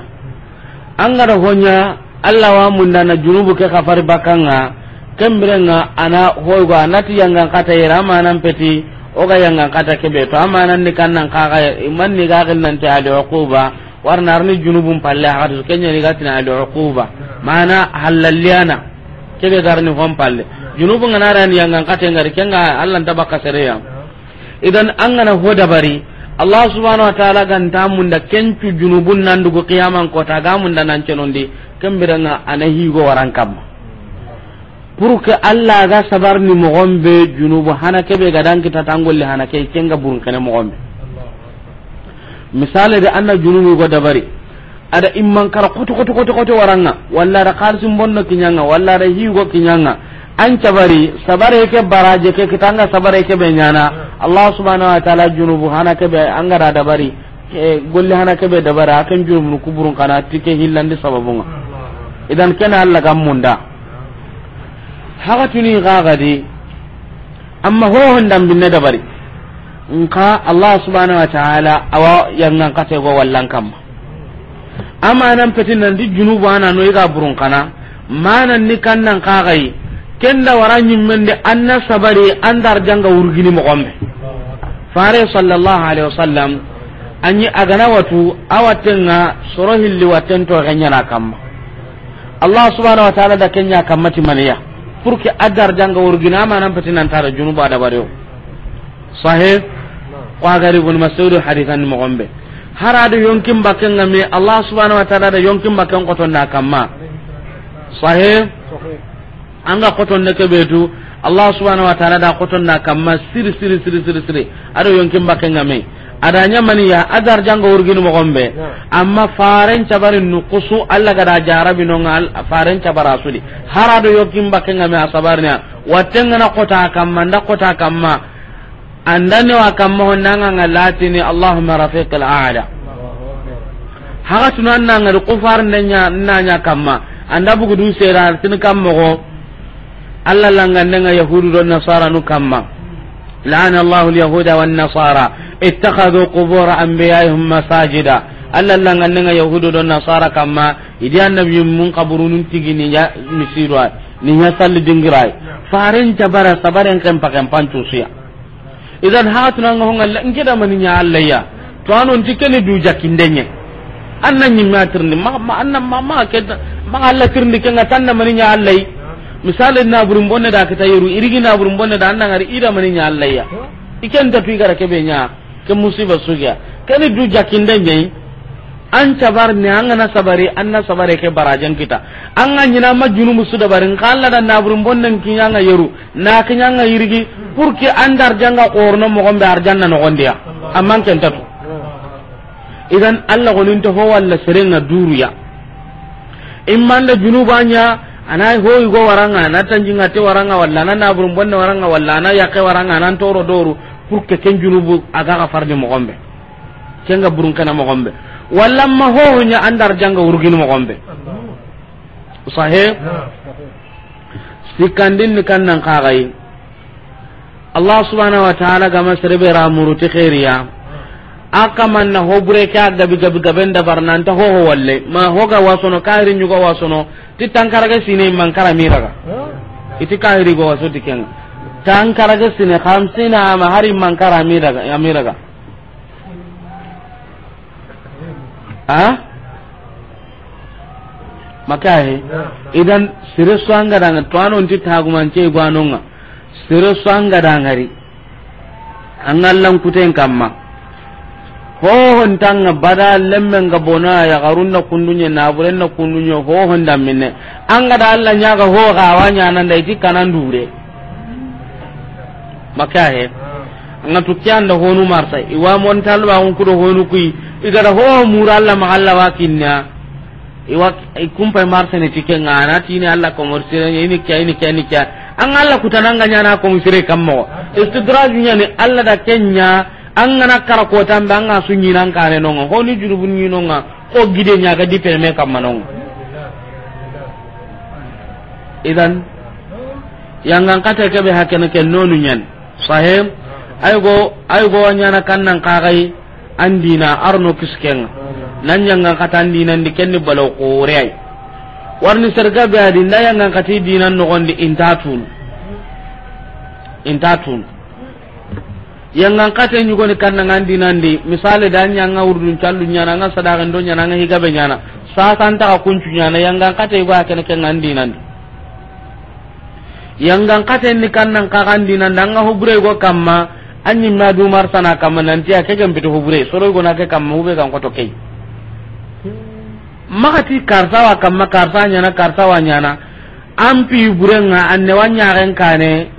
angara honya allah wa mundana junubu ke kafari bakanga nga ana hoygo anati yanga kata yera amanan peti oga yanga kata kebe to amanan ni kannan kaga man ni ga nan ta ali uquba warna arni junubun palle hadu kenya ni gatina ali uquba mana halalliyana kebe garni hon palle junubun nga naran yanga kata ngari kenga allah ta bakka sereya idan an gana ho dabari allah subhanahu wa ta'ala gan ta munda kencu junubun nan dugo qiyaman kota ga munda nan cenondi kembiranga ana higo waran kamma pour que allah ga sabar ni mo be junubu hana ke ga gadan kita le hana ke kenga burun kana mo be misale da anna junubu go dabari ada imman kar koto koto koto koto waranga walla da qalsum bonno kinyanga walla da higo kinyanga an cabari sabare ke baraje ke kitanga sabare ke be nyana allah subhanahu wa ta'ala junubu hana ke be angara dabari eh, golle hana ke be dabara akan junubu kuburun kana tike hillande sababunga idan kana Allah kan munda haka tuni di amma ho hon dan binne da bari nka Allah subhanahu wa ta'ala awa yangan kate go wallan kam amma nan petin nan di junubu ana no iga burun kana manan ni ka kagai kenda men de anna sabari andar janga urgini mo gombe fare sallallahu alaihi wasallam anyi agana watu awatenga sorohilli waten ganyana kamma allah subhanahu wa ta'ala da kenya kammati maniya pour que adar janga wurgina nan pati nan tara junuba da bare sahih wa gari bun mas'ud hadithan mo gombe harado yonkin bakan ngame allah subhanahu wa ta'ala da yonkin bakan koton da kamma sahih anga koton ne kebetu allah subhanahu wa ta'ala da koton da kamma sir sir sir sir sir ado yonkin bakan ngame adanya maniya adar janga urginu mogombe amma faren cabari nukusu alla gada jarabi nongal faren cabara sudi harado yokin bakenga me asabarnya watenga na kota kamma nda kota kamma andane wa kamma honnanga ngalatini allahumma rafiqil a'la haga tunanna ngari kufar nanya nanya ma anda bugu du sera tin kammo go alla nanga yahudu don nasara nu ma. لعن الله اليهود والنصارى اتخذوا قبور أنبيائهم مساجدا alla langandenga yahudu do nasara kamma idi annabi mun kaburunun tigini ya misirwa ni ya salli dingirai faren jabara sabaren kan pakan pantusiya idan hatuna nga honga ngida mani nya allaya to anon tikeni du jakindenye annan nyimatirni ma annan ma ma ke ma alla tirni kenga tanna mani nya allai misali na burum bonne da kita yuru irigi na burum bonne da annan ari ida mani nya Allah ya iken ta tuigara kebe nya ke musiba sugiya kani du jakinde nyai an cabar ne an na sabari an na sabare ke barajan kita an ga nyina ma junu musu da barin kala da naburin bonnen kinya nga yeru na kinya nga yirgi purki an dar janga qorno mo gombe na no gondiya amman ken tatu idan Allah gonin to ho walla serenga ya imman da junubanya ana hoyi go waranga na tanjinga te waranga walla na na burum bonne waranga walla na yaqe waranga nan toro doru pour que ken junubu aga ga farde mo gombe ga burum kana mo gombe walla ma ho nya andar janga urugin mo gombe sahe sikandin ni kannan kagai allah subhanahu wa ta'ala ga masribe ra muruti khairiya aka akamanna hobure ke a gabi gabi gaben da dabarnanta hoho walle ma hoga wasono kahiri ñugo wasono ti tankarage sine man kara mankara miraga iti kahiri go waso wasoti kenga tankarage sine hamsina ma hari man kara mankara amiraga amiraga a makahe idan sire so angadanga to anonti ce gwanonga sire so angadangari angallan kuten kamma hohon tanga bada lemmen ga bona ya kundunye na kundunye hohon an ga da Allah nya ga ho ga wanya nan da iti kanan dure maka nga tukyan da honu marsa iwa mon talba kudo honu kui ho mura Allah ma Allah iwa ikumpa marsa ne tike tini Allah ko morsire kya kya kya an Allah kutananga nya na ko kammo istidraj nya ni Allah da kenya an gana kara kotan be an ga su ñinan kare nonga ko ni jurubun nonga ko gide di dipeme kam nonga idan yangan kata be hakene ke nonu nyen sahem aygo aygo kan kannan kagai andina arno kisken nan yangan kata andina ndi ni balaw ko ay warni serga be adi nda kata kati dinan no gondi intatun intatun yangan kate nyugoni kanna ngandi nandi misale dan nyanga urdun callu nyana nga sadaka ndo nyana nga higa be nyana sasan ta ka kuncu nyana yangan kate go akene ke ngandi nandi yangan kate ni kanna ka ngandi nanda nga hubure go kamma kama ma du mar kama nanti ake gam bitu hubure soro go na kama kamma hube kan ko to kei makati karsa wa kamma karsa nyana karsa wa nyana ampi burenga anne wanya ren kane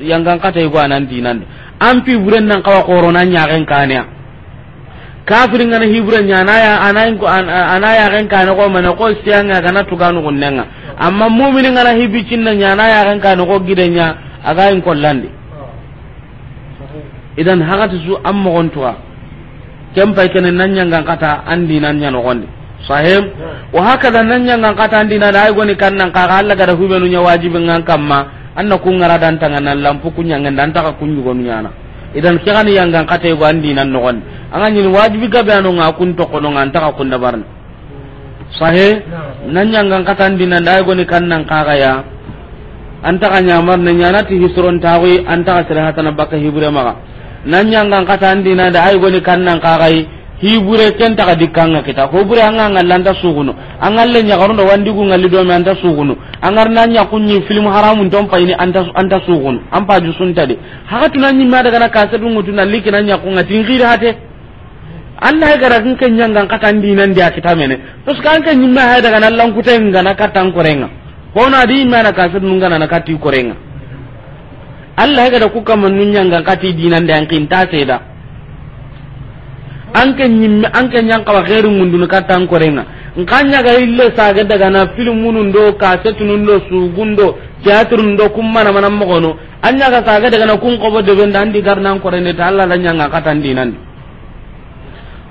yangan kate go anan dinandi ampi buren nan kawa korona nya ren kania kafir ngana nya na ya anayin ko anaya ren kana ko mana ko siyanga kana tuganu gunnenga amma mu'minin ngana hibi hibicin nan ya ren kana ko gidenya aga in kollandi idan hagatu su amma gontuwa kem pai kenen nan nya nyanga kata andi nan nya no gondi sahem hmm. wa hakada nan nya nyanga kata andi na dai goni kan nan ka Allah gara hubenu nya wajibin ngan kamma anna ku ngara dan tangan lampu kunya ngan dan ta kun yugo nyana idan kigani yang gan kate go andi nan no gon anga nyin wajibi ga be anu ngakun to kono ngan ta kun dabarna sahe nan yang gan kata andi nan dai go ni kannan kaga ya anta ka nyamar na nyana ti hisron tawi anta ka sirahatan bakka hibre maka nan yang gan kata andi nan dai go ni kannan kaga hibure ken taga dikanga kita ko bure anga ngalla anta sugunu angalle wandi wandigu ngalli do me anta sugunu angar na nya kunni film haramu ton payini anda anta sugunu ampa ju sunta de haka tunan nyi na kana kasa dungu tunan liki na nya ngati tingiri hate Allah gara kin ken nyanga katan dinan dia kita mene terus kan ken nyi ma daga na lan kuten ngana katan korenga ko na di mana kasa dunga na kati korenga Allah gara kuka mun nyanga kati dinan da yankin ta da. anke nyimme anke nyanka wa khairu mundu kata an korenga nkanya ga ille saga daga na filmunu ndo kasetu ndo sugundo teatru ndo kumma na manam mogono anya ga saga daga na kun qobo de benda andi garna an korene ta Allah lanya nga kata ndi nan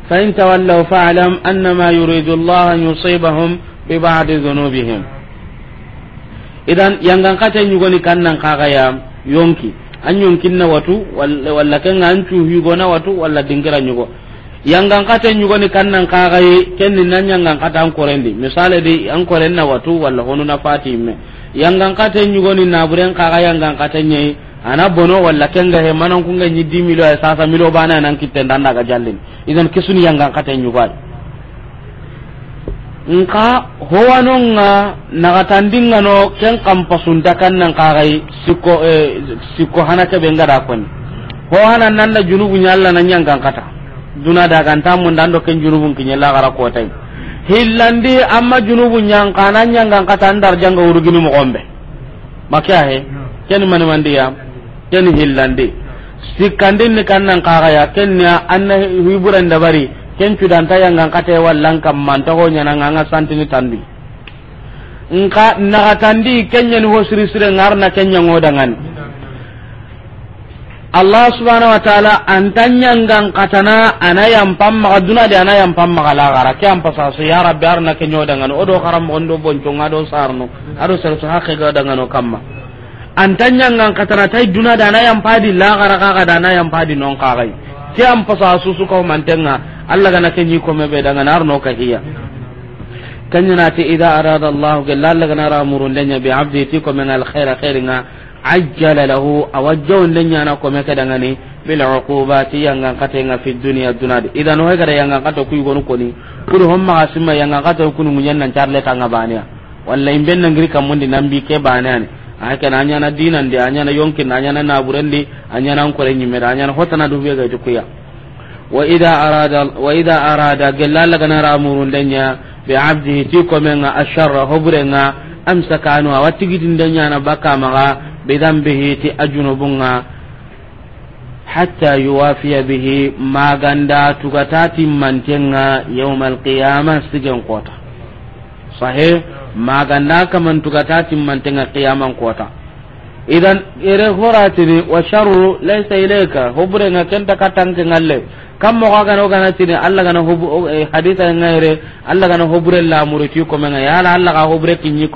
fa in tawallaw fa'lam annama yuridu Allah an yusibahum bi ba'di dhunubihim idan yangan kata nyugoni kannan kaga ya yonki an yonkin na watu wala kan an chu yugo na watu wala dingira nyugo gang kata kan kannan kagai kenni nan gang kata an korendi misale di an koren na watu wala honu na fati yang gang kata ni na buren kagai gang kata nye ana bono wala kenga he mana kunga nyi di milo ya sasa milo bana nan kitte danda ga jallin idan kisuni gang kata nyugwal nka howanonga nagatandinga no ken kampasunta kannan kagai siko eh, sikko hana kebe ngada koni ho hana nanda junubu nyalla nan yangan kata duna daga nta mun dan do ken junubun kinya la gara ko tay hillandi amma junubun nyang kanan nyang kan kata andar janga urugini mo gombe makya he ken man mandiya ken hillandi sikandin ni kannan kaga ya ken ya anna hiburan da bari ken cudan ta yang ngang kata wallan kam man to honya na nganga santini tandi nka naga tandi kenya ni ho sirisire sire ngarna kenya ngodangan allah subhanahu wa ta'ala antanyangan katana ana yampam maga duna de ana yampam maga ya rabbi arna ke nyoda ngano odo karam gondo bonco ngado sarno ado sarso hakke ga dangano kamma antanyangan katana tay duna de ana yampadi la ka ga dana yampadi non ka gai ke su ko mantenga allah gana ke nyi ko mebe dangana arno ka hiya kanyana ti arada allah denya bi abdi ti ko men al khaira khairinga ajjala lahu awajjaw len nyana ko meke daga ni bil uqubati yangan kata nga fi dunya dunad idan ho gara yangan kata ku gonu ni kuru homma asima yangan kata ku nu nan charle tanga baniya walla imben nan gri kamundi nambi ke ni aka na nyana dinan de anyana yonkin na naburendi renyi mera nyimera na hotana dubbe ga kuya. wa idha arada wa idha arada gallala kana ramurun denya bi abdihi tikomenga asharra hobrenga amsaka anu awatigi ya na baka maga bidaan bihi ti ajunubuun hachaa yuwaafiya bihi maagandaa tugga taati manteenya yommuu qiyyaama sigan kootaa maagandaan kaman tugga taati manteenya qiyyaama kootaa ire ere horatidhe wa sharu leesa leeka hubre kenta ka tankaa nga le kan mawwa gana ogana hadisa ayi na aine ala kana hubre laamuri kii ko mee nga yaala ala ka hubre kiinni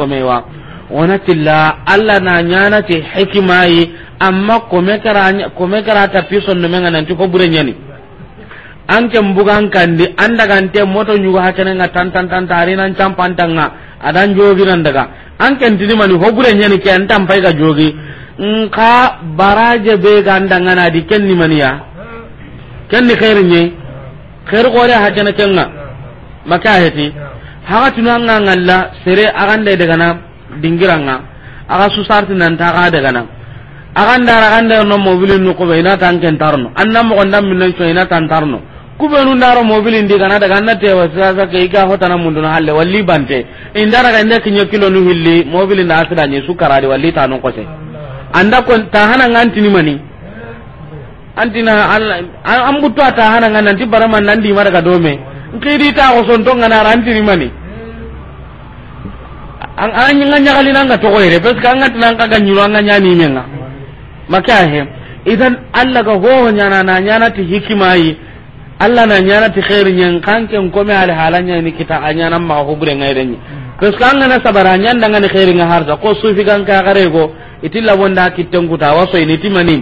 la alla na nyana ñanati hikimayi amma kome kara kara ta tapi sondomenga nanti ko ɓure ñani anke mbugan kandi an dagante moto nyugo tan tan tan tari nan arinan campantanga adan jogi nan daga anke mani ho bure nyani ke an tampayga jogi nka baraje be ga di kenni mani ya kenni heri ñe heri kore hakene kenga maka heti haga tunu anga ngalla sere aganda dagana dingiranga aga susarti nan ta ga daga nan aga ndara aga ndara no mobile nu ko ina tan ken tarno anna mo ndam min nan so ina tan tarno be nu ndaro mobile ndi kana daga na tewa sa ke iga hota na mundu na halle walli bante indara ga nda nyo kilo nu hilli mobile na asira nyi sukara di walli tanon ko se anda ko tahana nganti ni mani antina Allah butu ta hana nganti barama nan di maraga dome nkidi ta ko son to ngana ranti ni mani an an nyinga nyagali nanga to goyre eh. bes ka ka nanga ga nyuro anga nyani menga maka he idan allah ga ho nyana na nyana ti hikimai allah na nyana ti khair nyen kanke ko me al halanya ni kita anyana ma ko gure ngai renyi bes ka ngana sabara nyan danga ni khair nga harza ko sufi kan ka gare go itilla wonda kitengu ta waso ni timani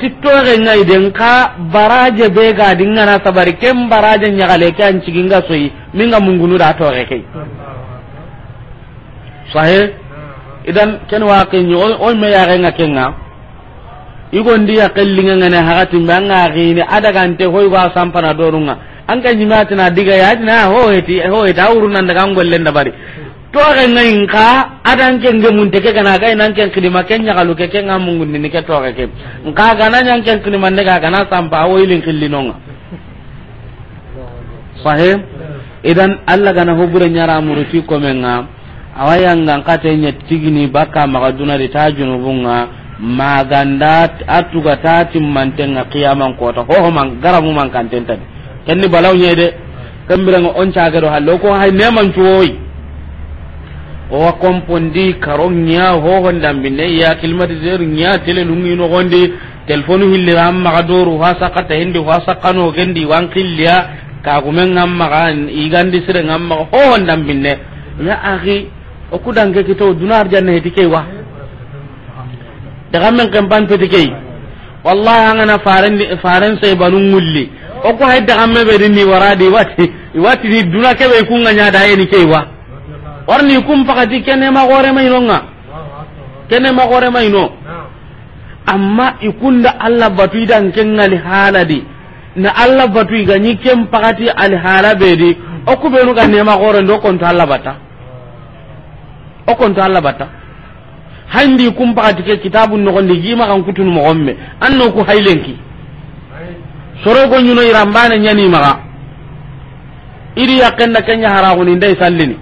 ti toxe ngai den ka baraje be ga dingana sabari kem baraje nyagale ke an ciginga soyi minga mungunu da toxe kai sahe idan ken wa kenyi o me ya renga kenga igondi ya kellinga ngane hakatin banga gini adaga ante hoy ba sampana dorunga an kan jima tana diga ya tana ho heti ho heta urunan daga ngollen da bari to ga ngain ka adan ken ge mun teke kana ga nan ken kidima ken nya galu ke ken ngamun gunni ne ke to ga ke nka ga nan yang ken kidima ne ga kana sampa ho ilin killinonga sahih idan Allah gana hubure nyara muruti komenga awayangan katenya tigini baka maga dunadi ta junubunga maganda atuga ta timmantenga qiyaman kota hoho man garamu man kantentadi kenni balaw nyede kambiranga on cagado hallo ko hay neman cuwoyi owa compondi karo nya hoho dambinne ya climatiseur nya tele lungi no gondi telephone hillira amma gadoru ha sakata hindi ha sakano gendi wan killiya ka gumen amma ga igandi sire amma hoho dambinne ya akhi oku dange kito dunar janne heti kei wa daga men kan ban pete kei wallahi faran faren faran sai banu mulli oku hay daga me be rinni waradi wati wati ni duna ke be kun ganya da yeni kei wa warni kum pakati kene ma gore mai nonga kene ma gore mai no amma ikunda allah batu idan kengali haladi na allah batu iganyi kem pakati al halabe di oku be no ga ma gore ndo ta allah bata o konto allah batta handi kum pa ke kitabu jima kan kutun mo an anno ku haylenki ko nyuno irambane iri idi yakkenna kenya ni ndey sallini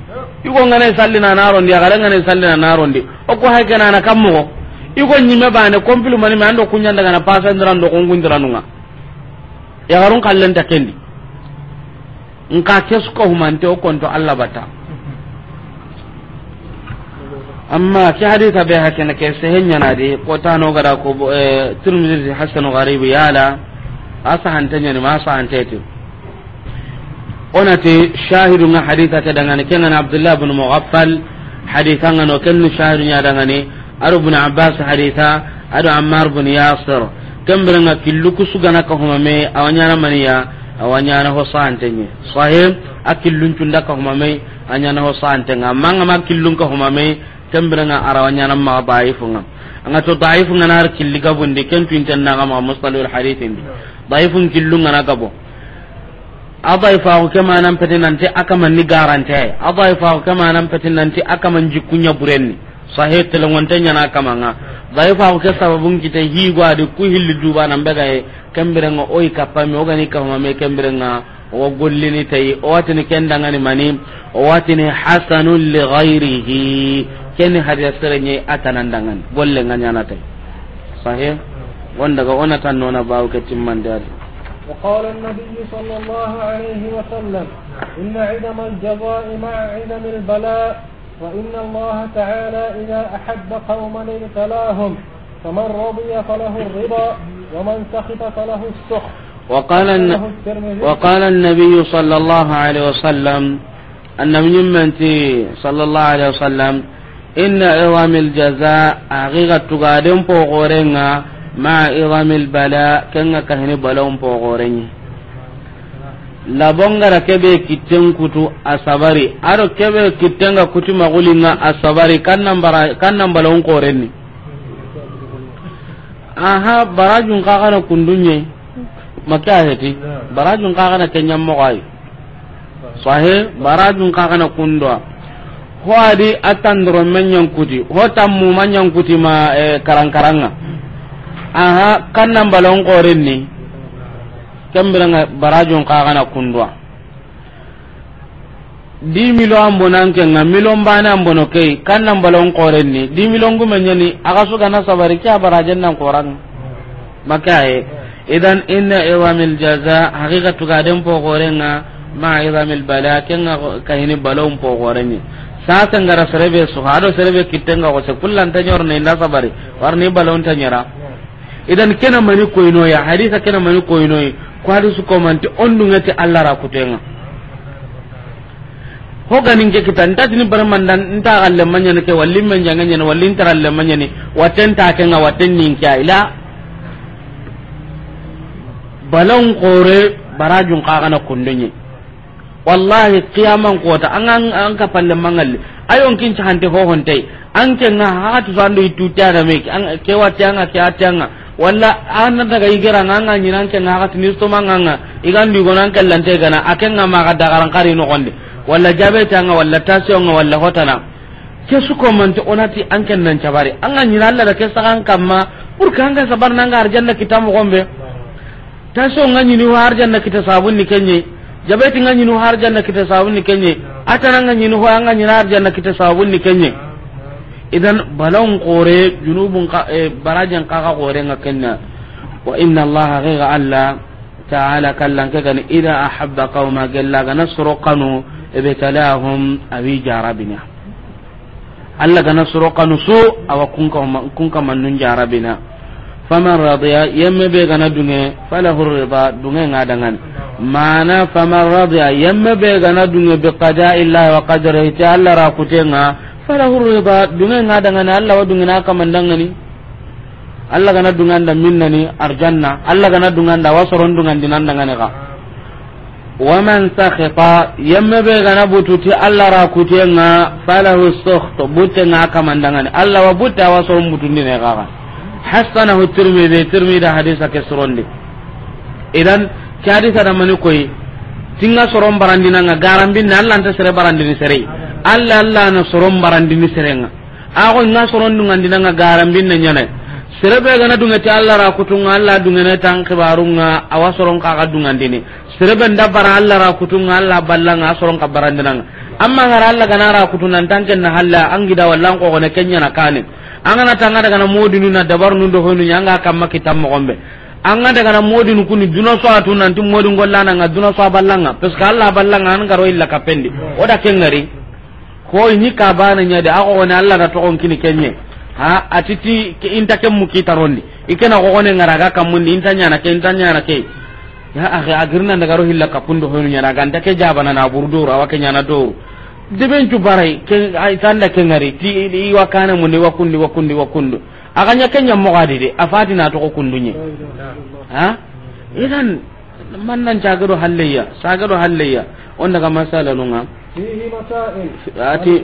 igo ngane sallina narondi agare ngane sallina narondi oko haykenana kam mogo igo ñimme bane compilu manime ando kuñandagana pasandirando ya yagarun kallenta kendi nka kesko humante o konto allah bata amma ke hadita be hakene ke hanya na dai ko ta no gara ko eh, tirmizi hasanu gharib yala asa hantanya hanta masa ona te shahidu na hadita ta dangane kenan abdullah ibn muqaffal hadita ngano kenan ken shahidu ya dangane aru ibn abbas hadita aru ammar ibn yasir kambira nga su gana ka homa me na maniya na ho ne sahib akillun tunda ka homa me na ho ngamma ngamma makillun ka huma me nga kembirenga ma maga nga nga to nga nar killi gabundi ken tuintenna ga maga mustalul hadithindi killu nga na gabo adaifa ko kema nan nan pete aka man ni garante a adaifa ko kema nan nan pete nanti akaman jikunya burenni sahih tele wonte nya telongonte nyana kamanga daifa ko ke sababun kite hi gwa de ku hilli duba nan be bega e kembirenga oy kapame ogani kama me nga o gollini tay o watini kendangani mani o watini hasanun li ghairihi keni hadiya serenye atanandangan bolle na tay sahe wanda ga ona tan nona bawo ke timman dar وقال النبي صلى الله عليه وسلم إن عدم الجزاء مع عدم البلاء وإن الله تعالى إذا أحب قوما ابتلاهم فمن رضي فله الرضا ومن سخط فله sukh وقال وقال النبي صلى الله عليه وسلم أن من صلى الله عليه وسلم inna iramil jaza aqiqa tugaden pogorenga ma iramil bala kenga kahini balon labonga ra kebe kitten kutu asabari aro kebe kittenga kutu magulinga asabari kannambara kannambalon korenni aha barajun kakana kundunye maka heti barajun kakana kenyammogoayi sahe barajun kakana kundwa ho adi atandoro menyan ho tammu manyan ma e, karang-karanga aha kannan balon korin ni kembiranga barajon kagana kundwa di milo an bonan ke nga milon bana an bono kei kannan balon ni di milon gumenyani aga na sabari kya nan e, idan inna iwamil jaza hakika tugaden pogorenga ma iwamil bala kenga kahini balon sasa ngara serebe su hado serebe kitenga ko se kullan tanyor ne na sabari warni balon tanyara idan kena mani koyno ya hadisa kena mani koyno ko hadisu su manti ondu ngati allah ra kutenga ho ganin ke kitan ta tini barman dan nta galle manya ne ke wallin men janga ne wallin taralle manya ne waten ta ke nga waten nin kya ila balon kore barajun ka kana kundunye wallahi qiyaman kota angan an ka palle mangal ayon kin hande ho honte an ke nga hatu sandu itu tiada me an ke wa tianga ke atanga walla an daga igara ni nan ke na hatu ni to manganga igan bi gonan ga gana aken nga ma da garan kari no gonde walla jabe tanga walla tasiyonga walla hotana ke su ko man to onati an ken nan cabari an ga nyinan Allah da ke kan kamma pur kan ga sabar nan ga arjanna kitamu gombe tasiyonga ni wa arjanna kita sabun ni kenye jabeti nga nyinu har janna kita sabun ni kenye atana nga nyinu ho nga nyina har janna kita sabun ni kenye idan balon qore junubun ka eh, barajan ka ka qore nga kenya wa inna allah ghayra alla ta'ala kallan ka kan ida ahabba qauma galla ga nasru qanu talahum abi jarabina alla ga nasru qanu su aw kun ka kun ka mannun jarabina faman radiya yemme be gana dunge falahu rida dunge nga dangan mana faman radiya yemme be gana dunge bi qada illahi wa qadarihi ta alla ra kutenga falahu rida dunge nga dangan alla wa dunge na kamandangani alla gana dunganda minnani arjanna alla gana dunganda wasoron dungandi nan dangane wa. waman sakhita yemme be gana bututi alla ra kutenga falahu sukht butenga kamandangani alla wa butta wasoron butundi ne ka hasanahu tirmidhi tirmidhi hadisa ke sorondi idan ke hadisa da mani koyi tinga soron barandina nga garambin na Allah ta sere barandini sere Allah Allah na soron barandini sere nga ako nga soron dunga dina nga garambin na nyane sere be gana dunga ti Allah ra kutunga Allah dunga ne tan kibarunga awa soron ka dunga dini sere be nda bara Allah ra kutunga Allah ballanga soron ka barandina nga amma ngara Allah gana ra kutunan tanken na halla an gida wallan ko ne kenya na kane an gana tanga daga na modinu na dabar nun do honu nyanga kamma kitam mo gombe an ga daga na modinu kuni duna so atu nan tim modin golla na ga duna so ballanga peska Allah ballanga an garo illa da ken ngari ko ni ka bana nya da ako ne Allah na to on kini kenye ha atiti inta kem mukita rondi ikena ko ne ngara ga mun inta nya na ke inta nya na ke ya akhi agirna daga ro hilla kapundo hoynu nyana ganda ke jabana na burdo rawa ke nyana do deben cu barai ke ay tanda ke ngari ti i wakana mun ni wakundi wakundi wakundu aganya kenya mogadi de afati na to kundunye ha idan man nan jagaro halleya sagaro halleya on daga masala nunga فيه مسائل أتي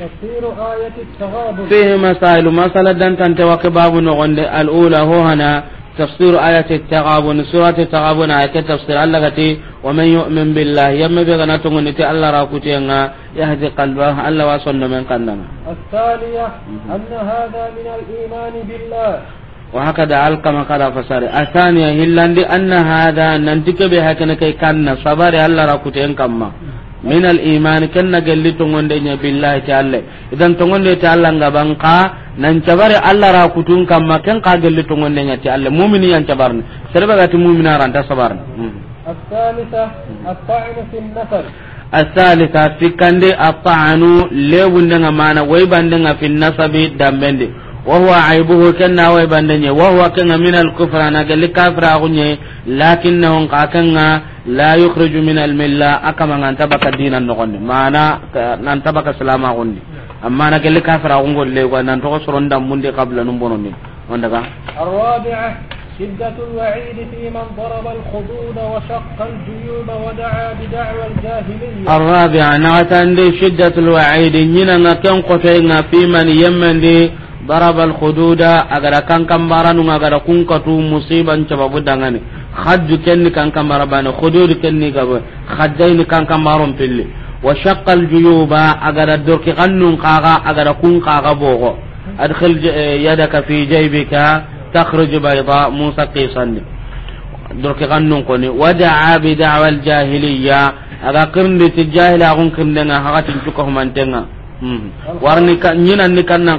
تفسير آية التغابن فيه مسائل مسألة دان تنتوى كباب الأولى هو هنا تفسير آية التغابن سورة التغابن آية تفسير الله كتي ومن يؤمن بالله يم بغنا تي الله راكوتينا يهدي قلبه الله وصل من قلنا الثانية أن هذا من الإيمان بالله وهكذا ألقى ما قال فسار الثانية هلاندي أن هذا ننتك بها كنكي كان صبر الله راكوتين كما min al iman kenna gelli tongonde nya billahi ta'ala idan tongonde ta'ala ngaban ka nan cabare Allah ra kutun kamma ken ka galli gelli tongonde nya ta'ala mu'mini yan cabarni serba gati mu'mina ran ta sabarni الثالثة الطعن في النسل الثالثة في كندي الطعن لو ندنا معنا ويبان في النسب دمبندي وهو عيبه كنا ويبندني وهو كنا من الكفر أنا قال لك كافر أغني لكنه كنا لا يخرج من الملة أكما ننتبك الدين النغني ما أنا ننتبك السلام أغني أما أنا قال لك كافر أغني لي وننتبك سرون دمون قبل نمبرني الرابعة شدة الوعيد في من ضرب الخدود وشق الجيوب ودعا بدعوى الجاهلية الرابعة نعتندي شدة الوعيد نينا كن قتينا في من يمن دي barabal khududa agara kankan baranu agara kunkatu musiban cababu dangane khadju kenni kankan barabana khudud kenni gabo khadjaini kankan baron pilli wa shaqqal juyuba agara kannun qaga agara qaga bogo adkhil yadaka fi jaybika takhruj bayda kannun koni bi da'wal jahiliyya aga kirndi ti jahila kirndenga warni kannan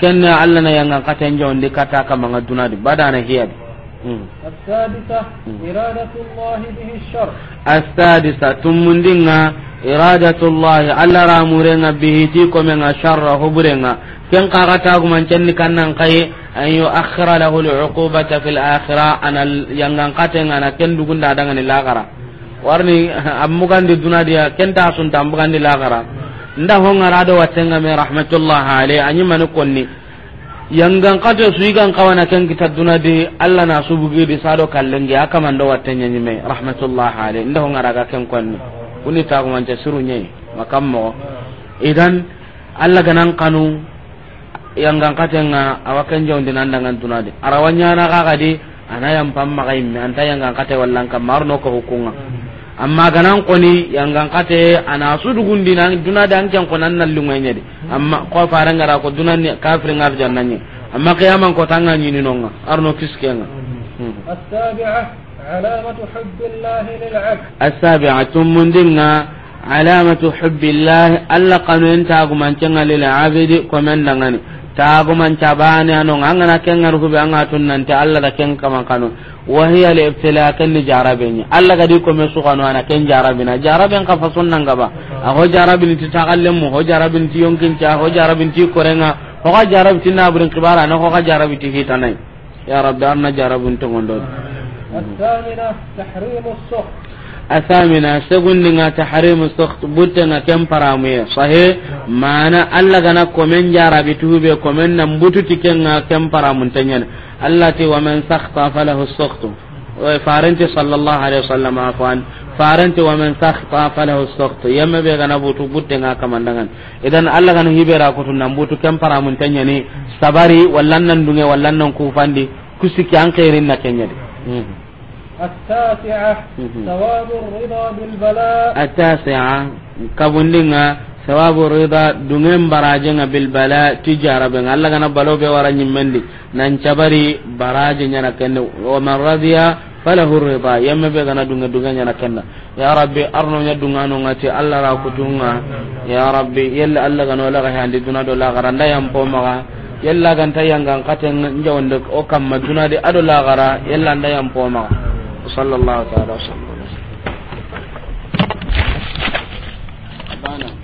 كن الله نا ينغا كاتن جوندي كاتا كما غدنا دي بدانا هي السادسة إرادة الله به الشر السادسة تمندنا إرادة الله ألا رامورنا به تيكم شر هبرنا كن قاغتا من كن كان قي أن يؤخر له العقوبة في الآخرة أنا ينغا كاتن أنا كن دغن دادان الآخرة warni amugan di dunadia kenta sun tambugan di lagara nda hongara do watenga me rahmatullah alayhi anyi mani konni yangan kato su igan kawana kan kita duna de Allah na su bugi di sado kallengi aka mando watenya nyime rahmatullah alayhi nda hongara ga kan konni kuni ta ko manca suru nyai makam mo idan Allah ganan kanu yangan katenga awakan jawndi nandangan tunade arawanya na kaga di ana yang pamma kaimme anta yangan kate wallan kam marno ko hukunga amma ganan koni yangan kate ana su dugun dinan duna da kan konan nan lungwenye de amma ko faran gara ko dunan ne kafirin jannan ne amma kiyaman ko tanga ni ni nonga arno kiskenga hmm. as-sabi'ah alamatu hubbillahi lil 'abd as-sabi'ah tumundinga alamatu hubbillahi alla kanu enta gumancenga lil 'abd ko men dangani taguman cabane ano angana kengar hube anga tunnante Allah da ken kama kanu wa hiya li ibtila kan ni jarabeni alla ga di ko mesu kanu ana ken jarabina jaraben ka fa sunnan gaba a ho jarabin ti takallem ho jarabin ti yonkin cha ho jarabin ti korenga ho ga jarabin ti na burin kibara na ho ga jarabin ti hitanai ya rabbi anna jarabun to gondo asamina segundinga tahrimu sakht buttenga ken paramuye sahe mana allah gana komen jarabituhube komen nan bututi kenga ken paramuntenyani allah ti waman sakhta falahu sakhtu farenti sallallahu alaihi wasallam afwan farenti waman sakhta falahu sakhtu yemme be gana butu buttenga kamandangan idan allah gana hibera kutu nan butu ken paramuntenyani sabari wallan nan dunge wallan nan kufandi kusiki an khairin na kenyadi التاسعة ثواب الرضا بالبلاء التاسعة كابوندينغا ثواب الرضا دونين براجنا بالبلاء تجارة بين الله كان بلو بورا نمندي نانشبري براجنا نكن ومن رضي فله الرضا يما بيغنا دونغا دونغا نكن يا ربي أرنو ندونغا نونغاتي الله راكتونغا يا ربي يلا الله كان ولا غهاندي دونا دولا غراندا يمبومغا yalla ganta yangan katen njawande o kamma dunadi ado lagara yalla nda yampomaga وصلى الله تعالى وسلم